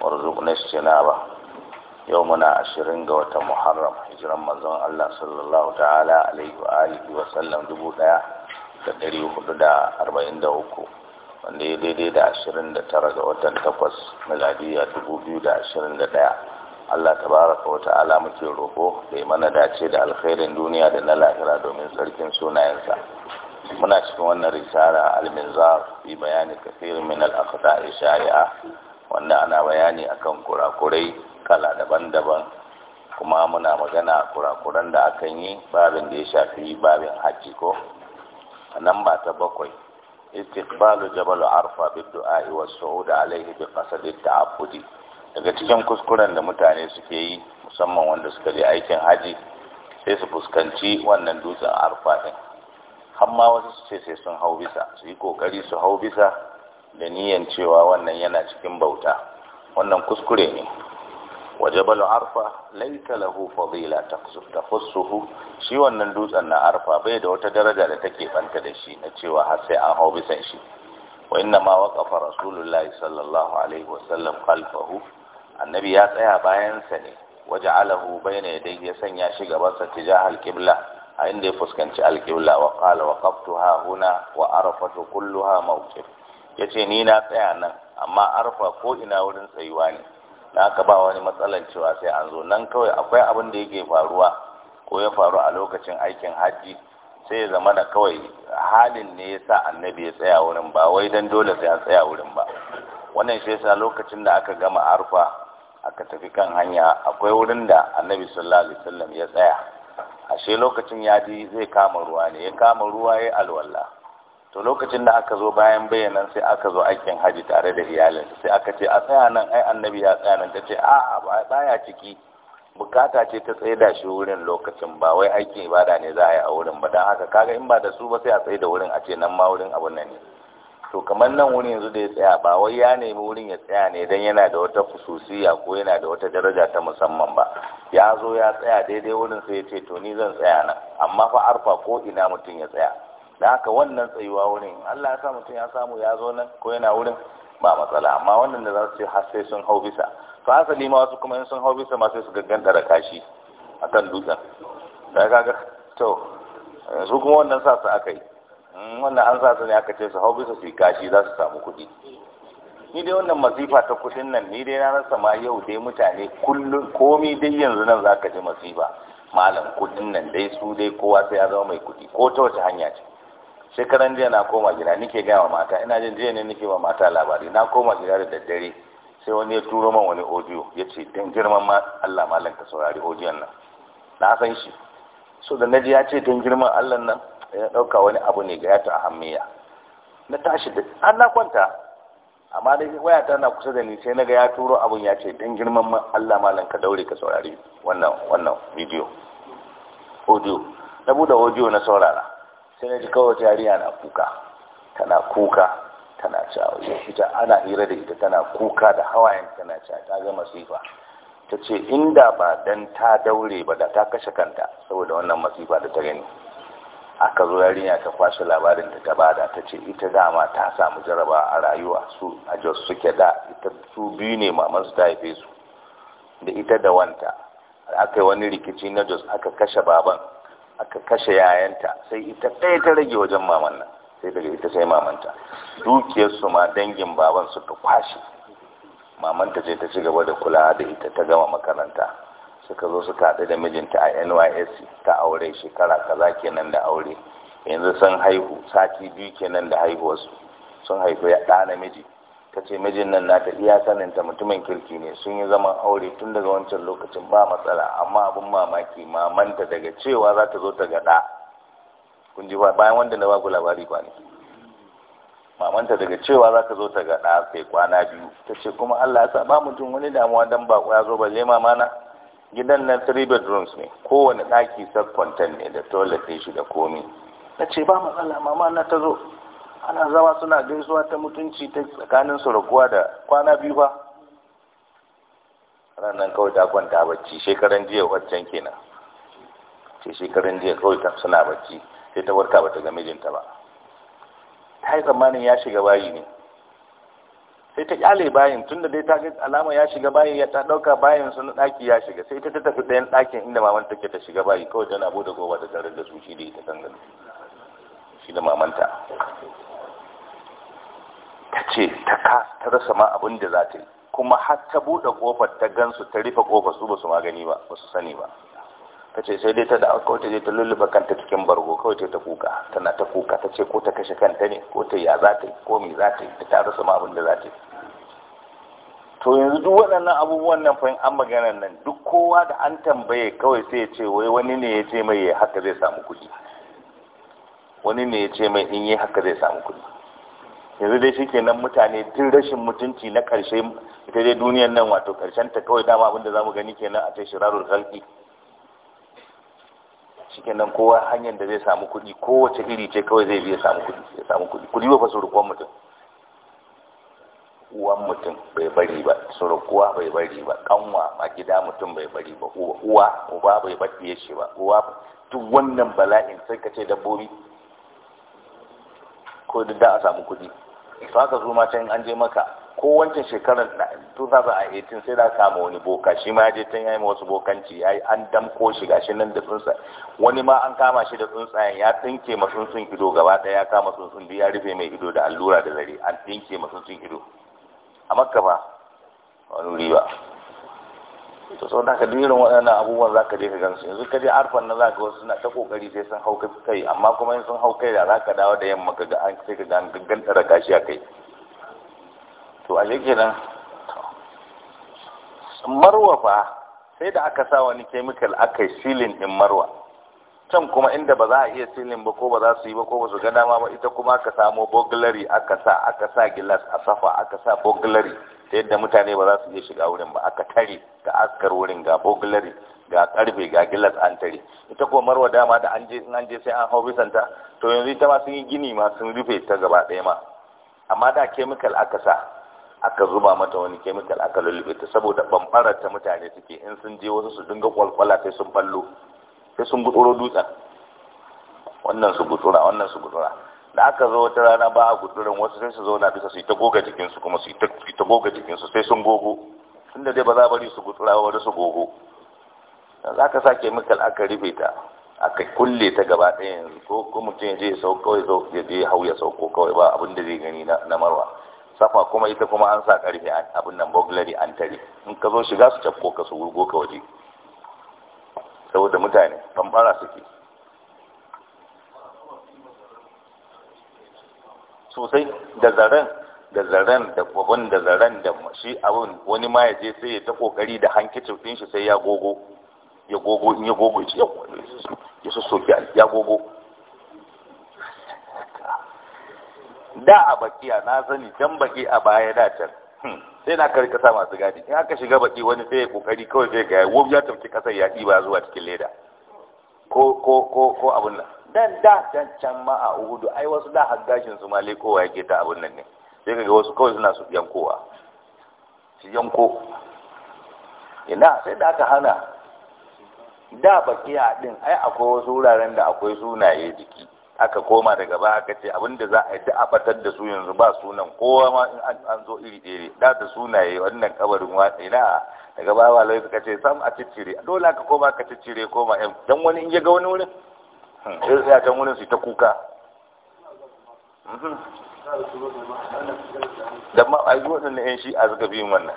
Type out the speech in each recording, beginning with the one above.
warzuqna ba. yau muna ashirin ga watan Muharram hijiran manzon Allah sallallahu ta'ala alaihi wa alihi wa sallam uku, wanda ya daidai da ashirin da tara ga watan takwas miladiya ɗaya. Allah tabaraka wa ta'ala muke roko da mana dace da alkhairin duniya da na lahira domin sarkin sunayensa muna cikin wannan risala al-minzar fi bayani kafirin min al-aqda'i shari'a wanda ana bayani akan kurakurai kala daban-daban kuma muna magana kurakuran da akan yi babin da ya shafi babin haji ko nan ba ta bakwai istiqbalu jabal arfa bid du'a wa su'ud alayhi bi qasd at daga cikin kuskuren da mutane suke yi musamman wanda suka je aikin haji sai su fuskanci wannan dutsen arfa din har ma wasu su ce sai sun hau bisa su yi kokari su hau bisa da niyan cewa wannan yana cikin bauta wannan kuskure ne wajabal arfa laita lahu fadila taqsuhu shi wannan dutsen na arfa bai da wata daraja da take banta da shi na cewa har sai an hau bisan shi wa inna ma waqafa rasulullahi sallallahu alaihi wasallam khalfahu annabi ya tsaya bayan sa ne waja'alahu baina yadayhi ya sanya shi gaban sa tijahal qibla a inda ya fuskanci alqibla wa qala waqaftuha huna wa arafatu kulluha mawqif ya ce ni na tsaya nan amma arfa ko ina wurin tsayuwa ne na ka ba wani matsalan cewa sai an zo nan kawai akwai abin da yake faruwa ko ya faru a lokacin aikin hajji sai ya zama da kawai halin ne ya sa annabi ya tsaya wurin ba wai dan dole sai an tsaya wurin ba wannan shi yasa lokacin da aka gama arfa aka tafi kan hanya akwai wurin da annabi sallallahu alaihi wasallam ya tsaya ashe lokacin ya ji zai kama ruwa ne ya kama ruwa ya alwala to lokacin da aka zo bayan bayanan sai aka zo aikin haji tare da iyalinsa sai aka ce a tsaya nan ai annabi ya tsaya nan ta ce a baya ciki bukata ce ta tsaida shi wurin lokacin ba wai aikin ibada ne za a yi a wurin ba don haka kaga in ba da su ba sai a tsaye da wurin a ce nan ma wurin abun nan ne to kamar nan wurin yanzu da ya tsaya ba wai ya nemi wurin ya tsaya ne don yana da wata kususiya ko yana da wata daraja ta musamman ba ya zo ya tsaya daidai wurin sai ya ce to ni zan tsaya nan amma fa arfa ko ina mutum ya tsaya da haka wannan tsayuwa wurin Allah ya sa mutum ya samu ya zo nan ko yana wurin ba matsala amma wannan da za su ce har sai sun hau bisa to asali ma wasu kuma in sun hau bisa ma sai su gagganta da kashi akan dutsen da kaga to su kuma wannan sa su aka yi wannan an sa su ne aka ce su hau bisa su yi kashi za su samu kuɗi ni dai wannan masifa ta kuɗin nan ni dai na rasa ma yau dai mutane kullum komi dai yanzu nan za ka ji masifa malam kuɗin nan dai su dai kowa sai ya zama mai kuɗi ko ta wace hanya ce shekaran jiya na koma gida nike gaya wa mata ina jin jiya ne nike wa mata labari na koma gida da daddare sai wani ya turo man wani audio ya ce don girman ma Allah malam ka saurari audio nan na san shi so da naji ya ce don girman Allah nan ya dauka wani abu ne ga yato a hammiya na tashi da an na kwanta amma da waya ta na kusa da ni sai naga ya turo abun ya ce don girman ma Allah malam ka daure ka saurari wannan wannan video audio na bude audio na saurara sai na ji kawai yariya na kuka tana kuka tana cewa ita ana hira da ita tana kuka da hawayen tana cewa ta zama masifa ta ce inda ba dan ta daure ba da ta kashe kanta saboda wannan masifa da ta gani aka zo yarinya ta kwashe labarin da ta bada ta ce ita dama ta samu jaraba a rayuwa su a jos suke da ita su biyu ne maman su ta haife su da ita da wanta aka yi wani rikici na jos aka kashe baban aka kashe yayanta sai ita ɗaya ta rage wajen maman nan sai daga ita sai mamanta dukiyarsu ma dangin baban suka kwashe mamanta ce ta ci gaba da kula da ita ta gama makaranta suka zo suka haɗu da mijinta a nys ta aure shekara kaza kenan da aure yanzu sun haihu sati biyu kenan da haihuwarsu sun haihu ya ɗa namiji ta ce mijin nan nata iya saninta mutumin kirki ne sun yi zaman aure tun daga wancan lokacin ba matsala amma abin mamaki mamanta daga cewa za ta zo ta gaɗa kun ji bayan wanda na ku labari kwanaki mamanta daga cewa za ta zo ta gaɗa sai kwana biyu ta ce kuma allah ya sa ba mutum wani damuwa don ba ya zo balle mama na gidan na three bedrooms ne kowane ɗaki sub ne da toilet shi da komi na ce ba matsala mama na ta zo ana zama suna gaisuwa ta mutunci ta tsakanin su rakuwa da kwana biyu ba ranar kawai ta kwanta bacci shekaran jiya waccan kenan ce shekaran jiya kawai ta suna bacci sai ta warka bata ga mijinta ba ta yi tsammanin ya shiga bayi ne sai ta kyale bayin tun da dai ta ga alama ya shiga bayi ya ta dauka bayin sun daki ya shiga sai ta tafi ɗayan ɗakin inda maman take ta shiga bayi kawai tana bude gowa da tare da su shi da ita kan shi da mamanta ta ce ta kasa ta rasa ma abin da za ta yi kuma har ta buɗe ƙofar ta gansu ta rufe ƙofar su ba su magani ba ba su sani ba ta ce sai dai ta da aka ta je ta lullufa kanta cikin bargo kawai ta ta kuka tana ta kuka ta ce ko ta kashe kanta ne ko ta ya za ta yi ko me za ta yi ta ta rasa ma abin da za ta yi to yanzu duk waɗannan abubuwan nan fa an magana nan duk kowa da an tambaye kawai sai ya ce wai wani ne ya ce mai haka zai samu kuɗi wani ne ya ce mai in yi haka zai samu kuɗi yanzu dai nan mutane tun rashin mutunci na karshe ita dai duniyar nan wato karshen ta kawai dama abinda zamu gani kenan a tai shirarul khalqi nan kowa hanyar da zai samu kuɗi kowace iri ce kawai zai biya samu kuɗi ya samu kuɗi kuɗi ba fa surukwan mutum uwan mutum bai bari ba surukuwa bai bari ba kanwa a gida mutum bai bari ba uwa uba bai bari shi ba uwa duk wannan bala'in sai ka ce dabbobi ko da a samu kuɗi to ka zo mata in an je maka ko wancan shekarar 2018 sai da kama wani boka shi ma ya je can yayi wasu bokanci yayi an damko shi gashi nan da tsuntsa wani ma an kama shi da tsuntsayen ya tsinke ma tsuntsun ido gaba daya ya kama tsuntsun duk ya rufe mai ido da allura da zare an tsinke ma tsuntsun ido a makka ba wani riba. to sau da ka duk irin waɗannan abubuwan za ka je ka gansu yanzu ka arfan na za ka wasu suna ta kokari sai sun hau kai amma kuma in sun hau kai da za ka dawo da yamma ka ga an sai ka ga an a kai to a yake nan marwa fa sai da aka sa wani kemikal aka yi silin in marwa can kuma inda ba za a iya silin ba ko ba za su yi ba ko ba su ga dama ba ita kuma aka samo burglary aka sa aka sa gilas a safa aka sa burglary ta yadda mutane ba za su iya shiga wurin ba aka tare ga askar wurin ga bogulari ga karfe ga gilas an tare ita kuma marwa dama da an je an je sai an hau bisanta to yanzu ita ma sun yi gini ma sun rufe ta gaba ɗaya ma amma da kemikal aka sa aka zuba mata wani kemikal aka lullube ta saboda bambarar ta mutane suke in sun je wasu su dinga kwalkwala sai sun ballo sai sun gutsuro dutsen wannan su gutsura wannan su gutsura da aka zo wata rana ba a gudurin wasu sai su zauna bisa su yi ta goga jikinsu kuma su yi ta goga jikinsu sai sun gogo tunda dai ba za bari su gutsura ba wani su gogo za ka sa kemikal aka rufe ta aka kulle ta gaba ɗaya ko ko mutum je sau kawai zo ya je hau ya sauko kawai ba abin da zai gani na marwa safa kuma ita kuma an sa karfe abin nan burglary an tare in ka zo shiga su cafko ka su wurgo ka waje saboda mutane bambara suke sosai da zaren da zaren da kwabon da zaren da shi abin wani ma ya je sai ya ta kokari da hankicin din shi sai ya gogo ya gogo in ya gogo ya ya so soki ya gogo da a bakiya na sani can baki a baya da can hmm, sai na karkasa masu gadi in aka shiga baki wani sai ya kokari kawai sai ga ya wobi ya tafi kasar ya ɗiba zuwa cikin leda ko ko ko ko abin nan nan da can can ma a uhudu ai wasu da haggashin su ma lekowa yake ta abin nan ne sai kaga wasu kawai suna su yankowa su yanko ina sai da aka hana da bakiya din ai akwai wasu wuraren da akwai sunaye jiki aka koma daga ba aka ce abinda za a yi a batar da su yanzu ba sunan kowa ma in an zo iri ɗaya, da da sunaye wannan kabarin watsa ina daga ba ba lai suka ce sam a ciccire dole aka koma ka ciccire koma yan dan wani in ya ga wani wurin sai a can wurin su ta kuka da ma a yi waɗanda yan shi a suka biyun wannan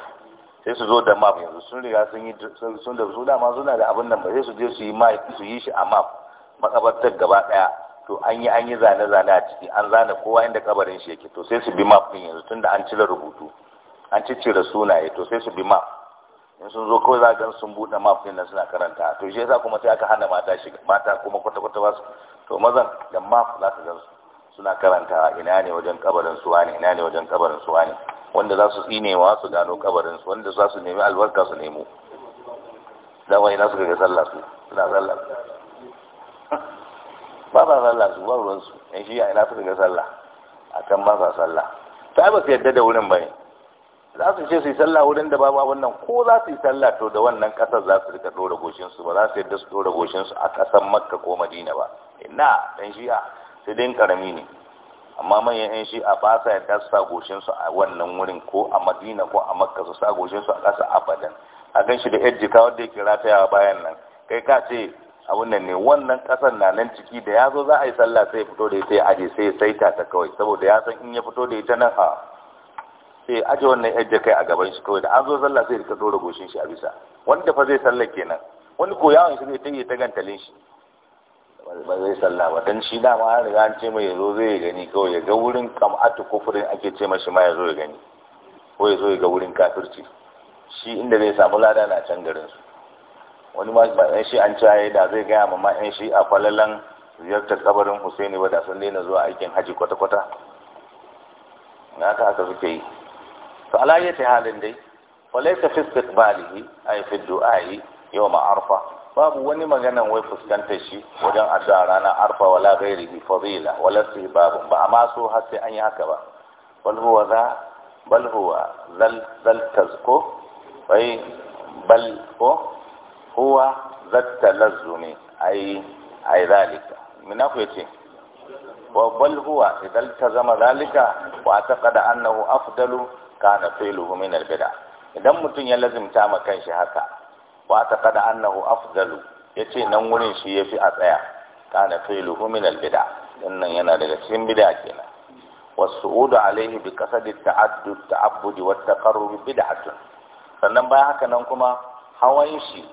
sai su zo da map yanzu sun riga sun yi sun da su dama suna da abin nan ba sai su je su yi map su yi shi a map makabartar gaba daya to an yi an yi zane zane a ciki an zane kowa inda kabarin shi yake to sai su bi map din yanzu tunda an cire rubutu an ciccire sunaye to sai su bi map in sun zo kawai za gan sun buɗe map ɗin nan suna karanta to shi yasa kuma sai aka hana mata shiga mata kuma kwata kwata ba su to mazan da map za ka gan suna karanta ina ne wajen kabarin su wani ina ne wajen kabarin su wani wanda za su tsinewa su gano kabarin su wanda za su nemi albarka su nemo dan wani nasu ga sallah su suna sallah ba ba sallah su ba ruwan su in shi ina suka ga sallah akan ba sa sallah ta ba su yadda da wurin bane za su ce su yi sallah wurin da babu abin nan ko za su yi sallah to da wannan ƙasar za su rika dora goshinsu ba za su yadda su dora goshinsu a ƙasar makka ko madina ba ina dan shi'a sai dai karami ne amma manyan yan shi'a ba sa yadda su sa goshinsu a wannan wurin ko a madina ko a makka su sa goshinsu a ƙasa abadan a gan shi da yar jika wanda yake ratayawa bayan nan kai ka ce abin nan ne wannan ƙasar na nan ciki da ya zo za a yi sallah sai ya fito da ita ya aje sai ya saita ta kawai saboda ya san in ya fito da ita nan a sai eh, aje wannan yadda kai a gaban shi kawai da an zo zalla sai rika dora goshin shi a bisa wanda fa zai salla kenan wani ko yawon shi zai tayi ta gantalin shi ba zai sallah ba dan shi dama an riga an ce mai yazo zai gani kawai ya ga wurin kam'atu kufurin ake ce mashi ma yazo ya gani ko yazo ya ga wurin kafirci shi inda zai samu lada na can garin su wani ma ba yan shi an caye da zai gaya ma ma yan shi a falalan ziyartar kabarin Husaini ba da sun daina zuwa aikin haji kwata-kwata na haka haka suke yi to alayyati halin dai walaysa fi istiqbalihi ay fi du'ai yawm arfa babu wani magana wai fuskantar shi wajen addu'a ranar arfa wala ghairihi fadila wala sibab ba amma so har sai an yi haka ba bal huwa za bal huwa zal zal tazko wai bal ko huwa zatta lazumi ai ai zalika mina ku yace wa bal huwa idan ta zama zalika wa taqada annahu afdalu kana fi'luhu min albida bida idan mutum ya lazimta ma kanshi haka wa kada annahu afdalu yace nan wurin shi yafi a tsaya kana fi'luhu min albida bida wannan yana daga cikin bid'a kenan bi kasadi بقصد التعدد wa taqarrub bid'atun sannan bayan haka nan kuma hawan shi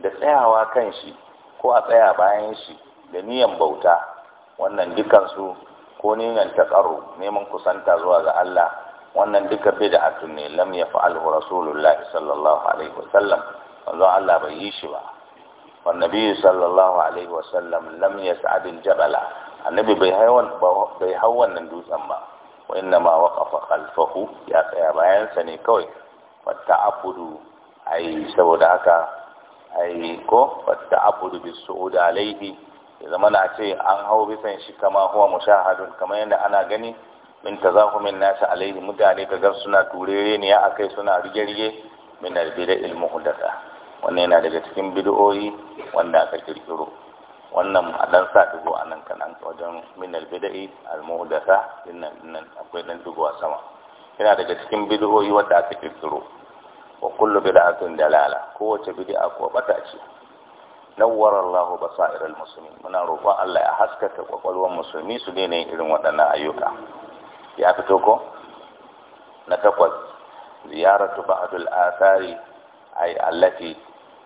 da tsayawa kan shi ko a tsaya bayan shi da niyan bauta wannan dukansu ko niyan taƙaro neman kusanta zuwa ga Allah wannan duka atun ne lam yaf'alhu rasulullah sallallahu alaihi wasallam manzo Allah bai yi shi ba wan nabi sallallahu alaihi wasallam lam yas'ad al-jabala annabi bai hau wannan dutsen ba wa inna ma waqafa khalfahu ya tsaya bayansa ne kawai fata'abudu ai saboda haka ai ko fata'abudu bis-su'ud alaihi ya zama na ce an hau bisan shi kama huwa mushahadun kamar yadda ana gani min tazahumin nasu alaihi mutane ka gar suna turere ne ya akai suna rige-rige min albida ilmu hudasa wannan yana daga cikin bidoyi wanda aka kirkiro wannan a dan sa digo a nan kanan wajen min albida'i almuhdasa dinnan dinnan akwai dan digo a sama yana daga cikin bidoyi wanda aka kirkiro wa kullu bid'atin dalala kowace bid'a ko bata ce nawwara Allah basairal muslimin muna roƙon Allah ya haskaka kwakwalwar musulmi su daina irin waɗannan ayyuka ya fito ko na takwas ziyaratu ba'dul athari ay allati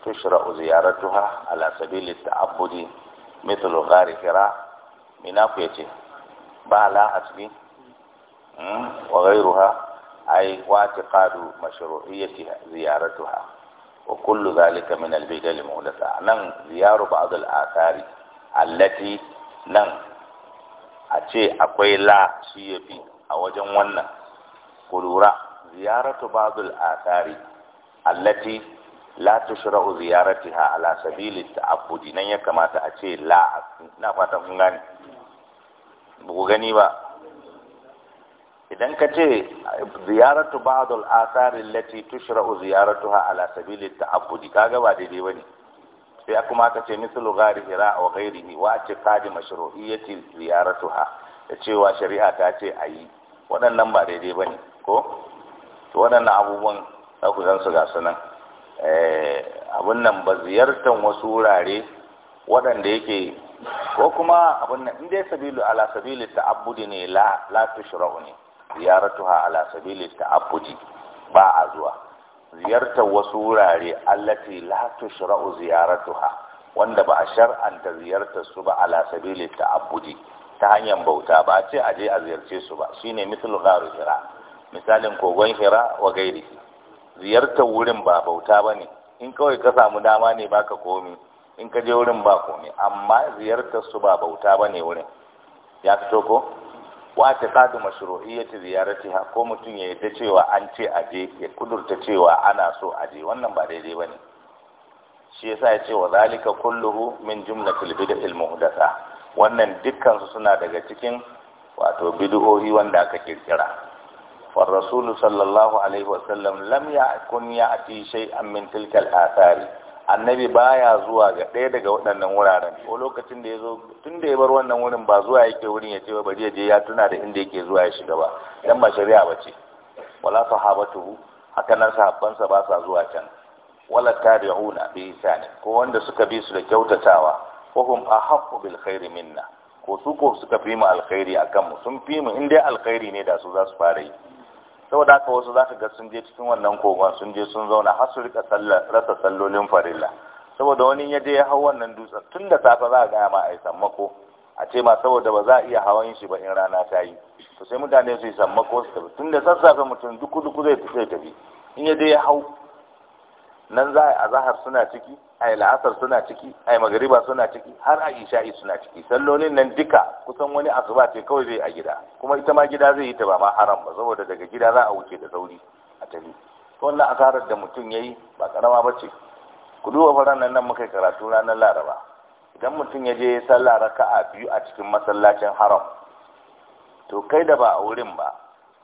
tushra'u ziyaratuha ala sabili ta'abbudi mithl ghari hira mina ku yace ba la asbi hmm? wa ghayruha ay wa'tiqadu mashru'iyyati ziyaratuha wa kullu dhalika min al-bidal muhdatha nan ziyaru ba'dul athari allati nan a ce akwai la shi fi a wajen wannan ku lura ziyaratu ba'dul athari allati la tushra'u ziyaratuha ala sabili ta'abbudi nan ya kamata a ce la ina fata kun gani ba ku gani ba idan ka ce ziyaratu ba'dul athari allati tushra'u ziyaratuha ala sabili ta'abbudi kaga ba daidai bane sai kuma ka ce mislu ghari hira wa ghairihi wa atiqadi mashru'iyyati ziyaratuha da cewa shari'a ta ce a yi waɗannan ba daidai ba ne ko to waɗannan abubuwan za ku zan su ga nan eh, abin nan ba ziyartar wasu wurare waɗanda yake ko kuma abin nan inda sabilu ala sabili abudi ne la la tushra'u ne ha ala sabili abudi ba a zuwa ziyartar wasu wurare allati la tushra'u ha wanda ba a shar'anta ziyartar su ba ala sabili abudi ta hanyar bauta ba ce a je a ziyarce su ba shine misal gharu hira misalin kogon hira wa gairi ziyartar wurin ba bauta bane in kawai ka samu dama ne baka komi in ka je wurin ba komi amma ziyartar su ba bauta bane wurin ya fito ko wa ta kadu mashru'iyyati ziyaratiha ko mutum ya yarda cewa an ce a je ya kudurta cewa ana so a je wannan ba daidai bane shi yasa ya ce wa zalika kulluhu min jumlatil bid'il muhdatha wannan dukkansu suna daga cikin wato bid'o'i wanda aka kirkira war rasulu sallallahu alaihi wasallam lam yakun ya'ti shay'an min tilka al-athari annabi baya zuwa ga ɗaya daga waɗannan wuraren ko lokacin da ya zo tun da ya bar wannan wurin ba zuwa yake wurin ya ce ba bari ya je ya tuna da inda yake zuwa ya shiga ba dan ba shari'a ba ce wala sahabatu haka nan sahabbansa ba sa zuwa can wala tabi'una bi ihsani ko wanda suka bi su da kyautatawa fahum ahaqqu bil khairi minna ko su ko suka fi mu alkhairi a kanmu sun fi mu inda alkhairi ne da su za su fara yi saboda haka wasu za ka ga sun je cikin wannan kogon sun je sun zauna har su rika rasa sallolin farilla saboda wani ya je ya hau wannan dutsen tun da safe za a gaya ma a yi sammako a ce ma saboda ba za a iya hawan shi ba in rana ta yi to sai mutane su yi sammako su tafi tun da sassafe mutum duku duku zai tafi in ya je ya hau nan za a yi azahar suna ciki a yi la'asar suna ciki a yi magariba suna ciki har a isha'i suna ciki sallolin nan duka kusan wani asuba ce kawai zai a gida kuma ita ma gida zai yi ta ba ma haram ba saboda daga gida za a wuce da sauri a tafi wannan asarar da mutum ya yi ba karama ba ce ku duba faran nan nan muka yi karatu ranar laraba idan mutum ya je ya sallah raka'a biyu a cikin masallacin haram to kai da ba a wurin ba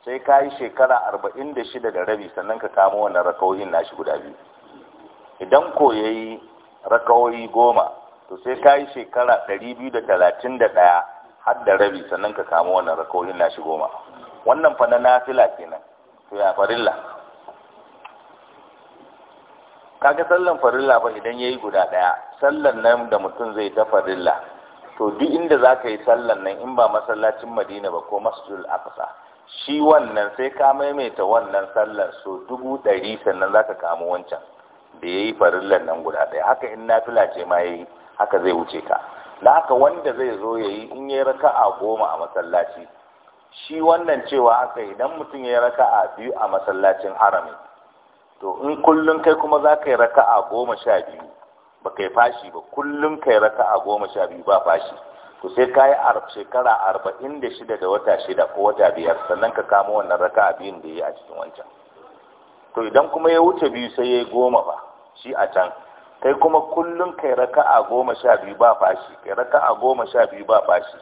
sai ka yi shekara arba'in da shida da rabi sannan ka kamo wannan rakawoyin nashi guda biyu idan ko yi rakawoyi goma to sai ka yi shekara ɗari biyu da talatin da ɗaya har da rabi sannan ka kama wannan rakawoyin na shi goma wannan fa na nafila kenan to ya farilla kaga sallan farilla ba idan ya yi guda ɗaya sallan nan da mutum zai ta farilla to duk inda za ka yi sallan nan in ba masallacin madina ba ko masjidul aqsa shi wannan sai ka maimaita wannan sallar so dubu ɗari sannan za ka kamo wancan da ya yi farillan nan guda ɗaya haka in na ce ma ya yi haka zai wuce ka da haka wanda zai zo ya yi in ya raka a goma a masallaci shi wannan cewa haka idan mutum ya raka a biyu a masallacin harami to in kullum kai kuma za ka yi raka a goma sha biyu ba kai fashi ba kullum kai raka a goma sha biyu ba fashi to sai ka yi shekara arba'in da shida da wata shida ko wata biyar sannan ka kama wannan raka a biyun da ya yi a cikin wancan to idan kuma ya wuce biyu sai ya yi goma ba shi a can kai kuma kullum kai raka'a goma sha biyu ba fashi kai raka'a goma sha biyu ba fashi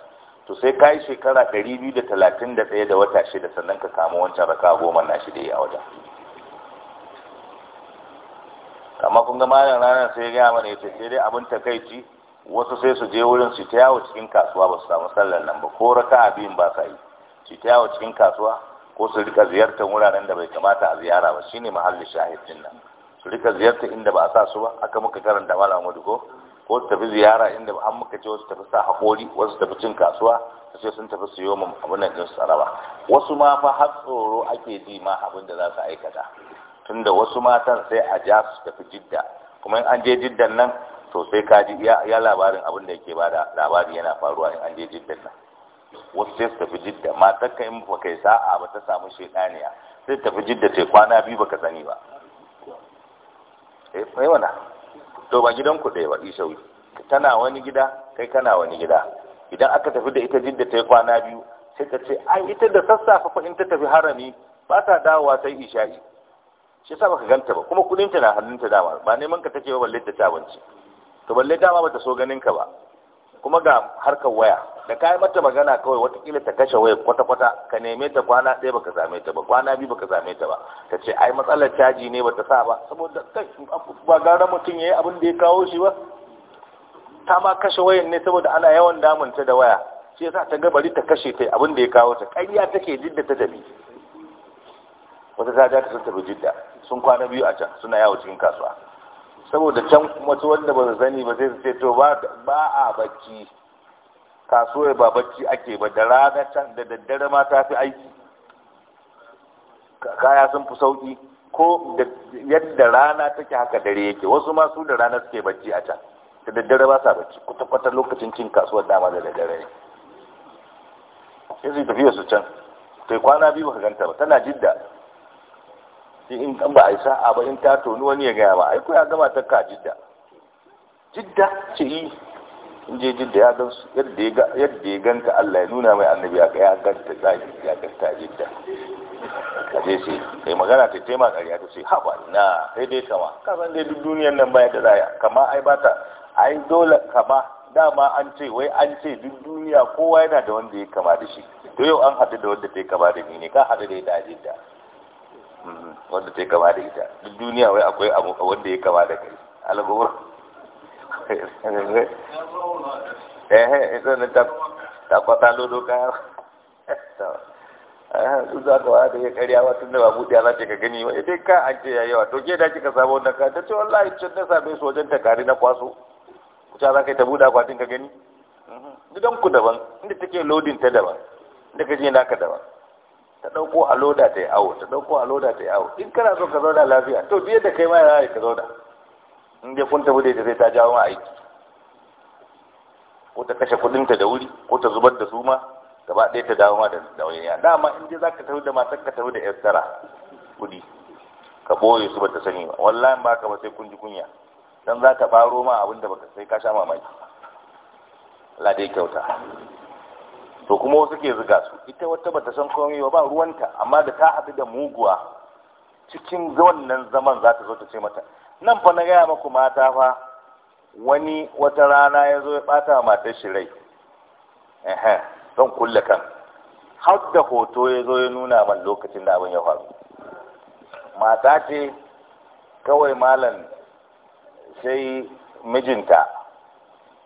to sai ka shekara ɗari biyu da talatin da ɗaya da wata shida sannan ka samu wancan raka goma na shi da ya wajen amma kun ga malam ranar sai ya gaya mana yace sai dai abin takaici wasu sai su je wurin su ta cikin kasuwa ba su samu sallar nan ba ko raka'a biyun ba sa yi su cikin kasuwa ko su rika ziyartar wuraren da bai kamata a ziyara ba shine mahallin shahidin nan su rika ziyarta inda ba a sa su ba aka muka karanta mala amadu ko ko su tafi ziyara inda ba an muka ce wasu tafi sa haƙori wasu tafi cin kasuwa su ce sun tafi su wa abin nan su araba wasu ma fa har tsoro ake ji ma abin da za su aikata tunda wasu matan sai a ja su tafi jidda kuma in an je jiddan nan to sai ka ji ya labarin abin da yake bada labari yana faruwa in an je jiddan nan wasu sai su tafi jidda matar ka in sa'a ba ta samu shaidaniya sai tafi jidda sai kwana biyu baka sani ba eh mai wana to ba gidan ku ɗaya ba tana wani gida kai kana wani gida idan aka tafi da ita jidda ta yi kwana biyu sai ka ce ai ita da sassafe fa in ta tafi harami ba ta dawowa sai isha'i shi sa baka ganta ba kuma kudinta na hannunta dama ba neman ka take ba balle ta ci to balle dama bata so ganin ka ba kuma ga harkar waya da kai mata magana kawai watakila ta kashe waya kwata-kwata ka neme ta kwana ɗaya baka same ta ba kwana biyu baka same ta ba ta ce ai matsalar caji ne bata sa ba saboda kai ba gara mutum yayi abin da ya kawo shi ba ta ma kashe wayan ne saboda ana yawan damunta da waya shi yasa ta gabari ta kashe ta abin da ya kawo ta ƙarya take jidda ta tafi wata ta ja ta sun tafi jidda sun kwana biyu a can suna yawo cikin kasuwa saboda can kuma ta wanda ba sani ba zai ce to ba a bacci kasuwar ba bacci ake ba da rana can da daddare ma ta fi aiki kaya sun fi sauki ko yadda rana take haka dare yake wasu ma su da rana suke bacci a can da daddare ba sa bacci kwata-kwata lokacin cin kasuwar dama da daddare ne sai su tafiya su can kai kwana biyu ba ka ganta ba tana jidda in kan ba a yi sa'a ba in ta toni wani ya gaya ba ai ko ya gama ta ka jidda jidda ce yi in je jidda ya gan su yadda ya ganta Allah ya nuna mai annabi ya ga ya ganta zaki ya ganta jidda ka je sai kai magana ta tema kariya ta ce haba na kai dai kama ka san dai duk duniyar nan baya da zaya kama ai ba ta ai dole kama dama an ce wai an ce duk duniya kowa yana da wanda ya kama da shi to yau an haɗu da wanda ta yi kama da ni ne ka haɗu da ya a jidda wanda ta yi kama da ita duk duniya wai akwai abu wanda ya kama da kai algowar ehe ita ne ta ta kwata lodo kaya su za ka wa ya karya wata tun da ba buɗe za ka gani wa ita ka an ce ya yawa to ke da kika samu wanda ka ta ce wallahi can na same su wajen takari na kwaso kuta za ka yi ta buɗe akwatin ka gani mhm. gidan ku daban inda take loading ta daban inda ka je naka daban ta ɗauko a loda ta yi awo ta ɗauko a loda ta yi awo in kana so ka zauna lafiya to biye da kai ma ya ka zauna in dai kun tafi da ita sai ta jawo ma aiki ko ta kashe kuɗinta da wuri ko ta zubar da su ma gaba ɗaya ta dawo ma da ya. dama in dai zaka tafi da matar ka tafi da yar tara kuɗi ka ɓoye su bata sani ba wallahi ba ka ba sai kun ji kunya dan za ta faro ma abinda baka sai ka sha mamaki Allah dai kyauta to kuma wasu ke zuga su ita wata bata san komai ba ba ruwanta amma da ta haɗu da muguwa cikin wannan zaman za ta zo ta ce mata nan fa na gaya maku mata fa wani wata rana ya zo ya ɓata wa matar shi rai zan kulle kan har da hoto ya zo ya nuna man lokacin da abin ya faru mata ce kawai malam sai mijinta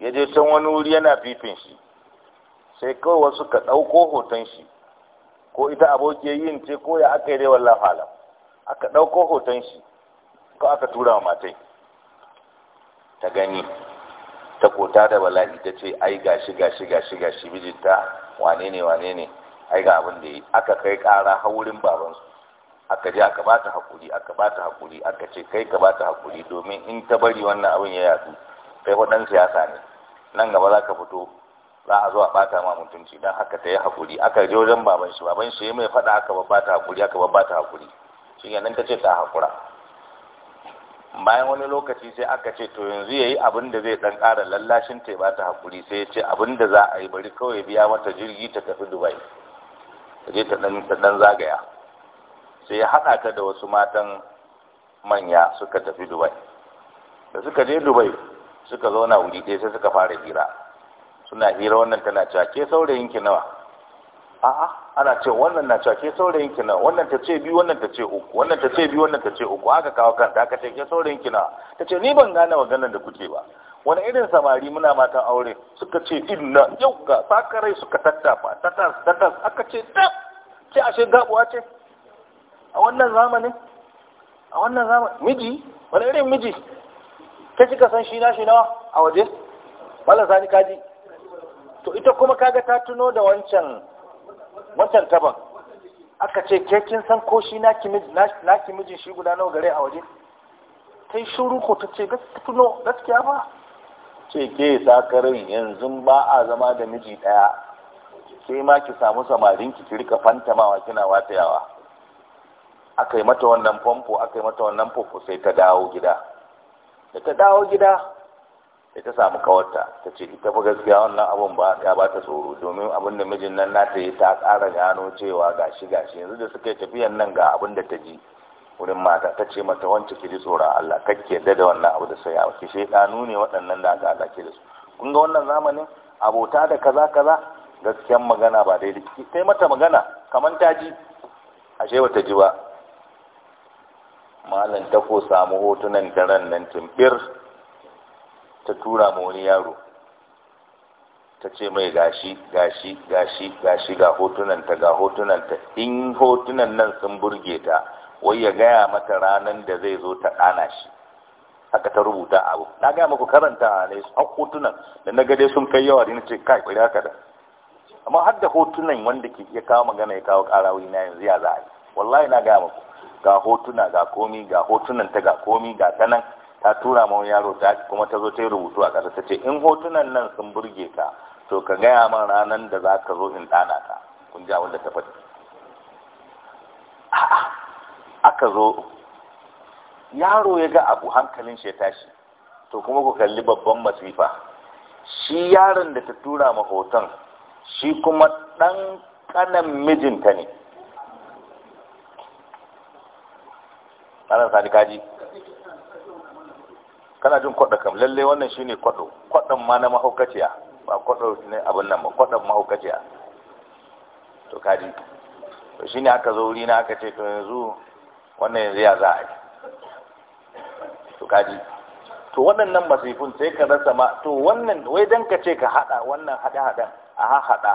ya je can wani wuri yana fifin shi sai kawai wasu ka ɗauko hoton shi ko ita abokiyar yin ce ko ya aka yi dai wallah halam aka ɗauko hoton shi ko aka tura wa matai ta gani ta kota da bala'i ta ce ai ga shi, ga shi, ga shi, mijinta wane ne wane ne ai ga abin da yi aka kai ƙara haurin babansu aka je aka bata hakuri aka bata hakuri aka ce kai ka bata hakuri domin in ta bari wannan abin ya yadu kai waɗansu ya sani, nan gaba za ka fito za a zo a bata ma mutunci dan haka ta yi hakuri aka je wajen baban shi baban shi mai faɗa aka babbata hakuri aka babbata hakuri shi nan ta ce ta hakura bayan wani lokaci sai aka ce to yanzu yayi abin da zai dan ƙara lallashin ta ba ta hakuri sai ya ce abin da za a yi bari kawai biya mata jirgi ta tafi Dubai ta je ta dan ta dan zagaya sai ya hada ta da wasu matan manya suka tafi Dubai da suka je Dubai suka zauna wuri ɗaya sai suka fara hira suna hira wannan tana cewa ke saurayin ki nawa a'a ana ce wannan na cewa ke saurayin ki nawa wannan ta ce biyu wannan ta ce uku wannan ta ce biyu wannan ta ce uku haka kawo kanta haka ce ke saurayin ki nawa ta ce ni ban gane maganar da kuke ba wani irin samari muna matan aure suka ce inna yau ga sakarai suka tattafa tatas tatas aka ce da ce ashe gabuwa ce a wannan zamanin a wannan zamanin miji wani irin miji ta kika san shi na shi nawa a waje malam sani kaji to ita kuma kaga ta tuno da wancan wancan taban aka ce ke kin san ko shi naki miji shi guda nawa gare a waje ta shuru ko ta ce tuno gaskiya ba ce ke sakarin yanzu ba a zama da miji daya sai ma ki samu samarin ki ki rika fantamawa kina watayawa aka yi mata wannan famfo aka yi mata wannan famfo sai ta dawo gida da ta dawo gida sai ta samu kawarta ta ce ita fa gaskiya wannan abun ba ya ba ta tsoro domin abin da mijin nan nata yi ta ƙara gano cewa gashi gashi yanzu da suka yi tafiyan nan ga abin da ta ji wurin mata ta ce mata wancan ki tsoron Allah kakke da da wannan abu da sai yawa ki shedanu ne waɗannan da aka alake da su kun ga wannan zamanin abota da kaza kaza gaskiyan magana ba daidai sai mata magana kamar ta ji ashe bata ji ba malam ta ko samu hotunan daren nan timbir ta tura ma wani yaro ta ce mai gashi gashi gashi gashi ga hotunanta ga hotunanta in hotunan nan sun burge ta wai ya gaya mata ranar da zai zo ta ƙana shi haka ta rubuta abu na gaya maku karanta ne a hotunan da na gade sun kai yawa na ce kai kwari haka da amma har da hotunan wanda ke iya kawo magana ya kawo ƙarawai na yanzu ya za wallahi na gaya maku ga hotuna ga komi ga hotunan ta ga komi ga ta nan ta tura ma wani yaro ta kuma ta zo ta yi rubutu a ƙasa ta ce in hotunan nan sun burge ka to ka gaya min ranar da za ka zo in ɗana ka kun ji abin ta faɗi aka zo yaro ya ga abu hankalin shi ya tashi to kuma ku kalli babban masifa shi yaron da ta tura ma hoton shi kuma ɗan ƙanan mijinta ne ana sani kaji kana jin kwaɗa kam lalle wannan shine kwaɗo kwaɗan ma na mahaukaciya ba kwaɗo ne abin nan ba kwaɗan mahaukaciya to kaji to shine aka zo wuri na aka ce to yanzu wannan yanzu ya za a yi to kaji to wannan nan masifin sai ka rasa ma to wannan wai dan ka ce ka haɗa wannan haɗa-haɗa a ha haɗa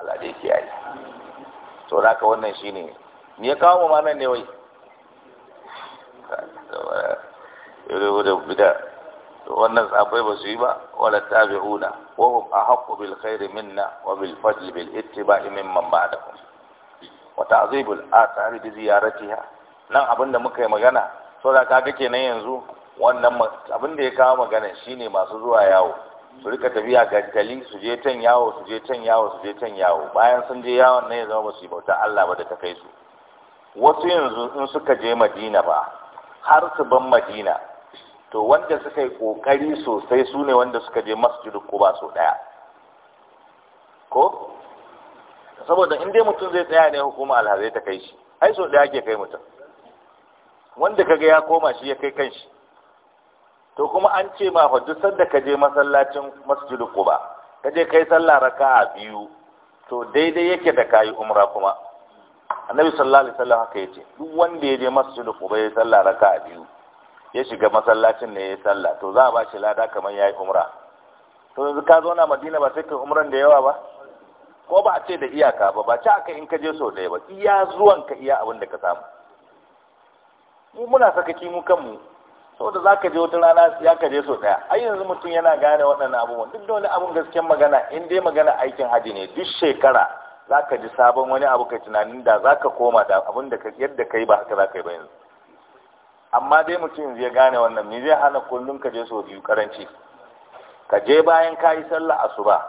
alade kiyaye to da ka wannan shine ne ya kawo ma nan ne wai yaro da bida wannan tsafai ba su yi ba wala tabi'una wa hum ahaqqu bil khairi minna wa bil fadl bil ittiba'i mimman ba'dahum wa ta'zibul athari bi ziyaratiha nan abinda muka yi magana so saboda kaga kenan yanzu wannan abinda ya kawo magana shine masu zuwa yawo su rika tafiya gali su je can yawo su je can yawo su je can yawo bayan sun je yawon na ya zama ba su yi bauta Allah ba da ta kai su wasu yanzu in suka je Madina ba har su ban Madina to wanda suka yi kokari sosai su ne wanda suka je masjidin kuba so daya ko saboda in dai mutum zai tsaya ne hukuma alhazai ta kai shi ai so daya ke kai mutum wanda kaga ya koma shi ya kai kanshi to kuma an ce ma fa duk sanda ka je masallacin masjidu kuba ka je kai sallah raka'a biyu to daidai yake da kayi umra kuma annabi sallallahu alaihi wasallam haka yace duk wanda ya je masjidin kuba ya sallah raka'a biyu ya shiga masallacin ne ya sallah to za a ba shi lada kamar ya yi umra to yanzu ka zo na madina ba sai kai umran da yawa ba ko ba a ce da iyaka ba ba ci aka in ka je so ɗaya ba iya zuwan ka iya abin da ka samu mu muna ki mu kanmu saboda za ka je wata rana ya ka je so ɗaya ai yanzu mutum yana gane waɗannan abubuwan duk da wani abun gasken magana in dai magana aikin haji ne duk shekara za ka ji sabon wani abu ka tunanin da za ka koma da abin da yadda ka yi ba haka za ka yi ba yanzu amma dai mutum zai gane wannan me zai hana kullum ka je sau biyu karanci ka je bayan ka yi sallah a asuba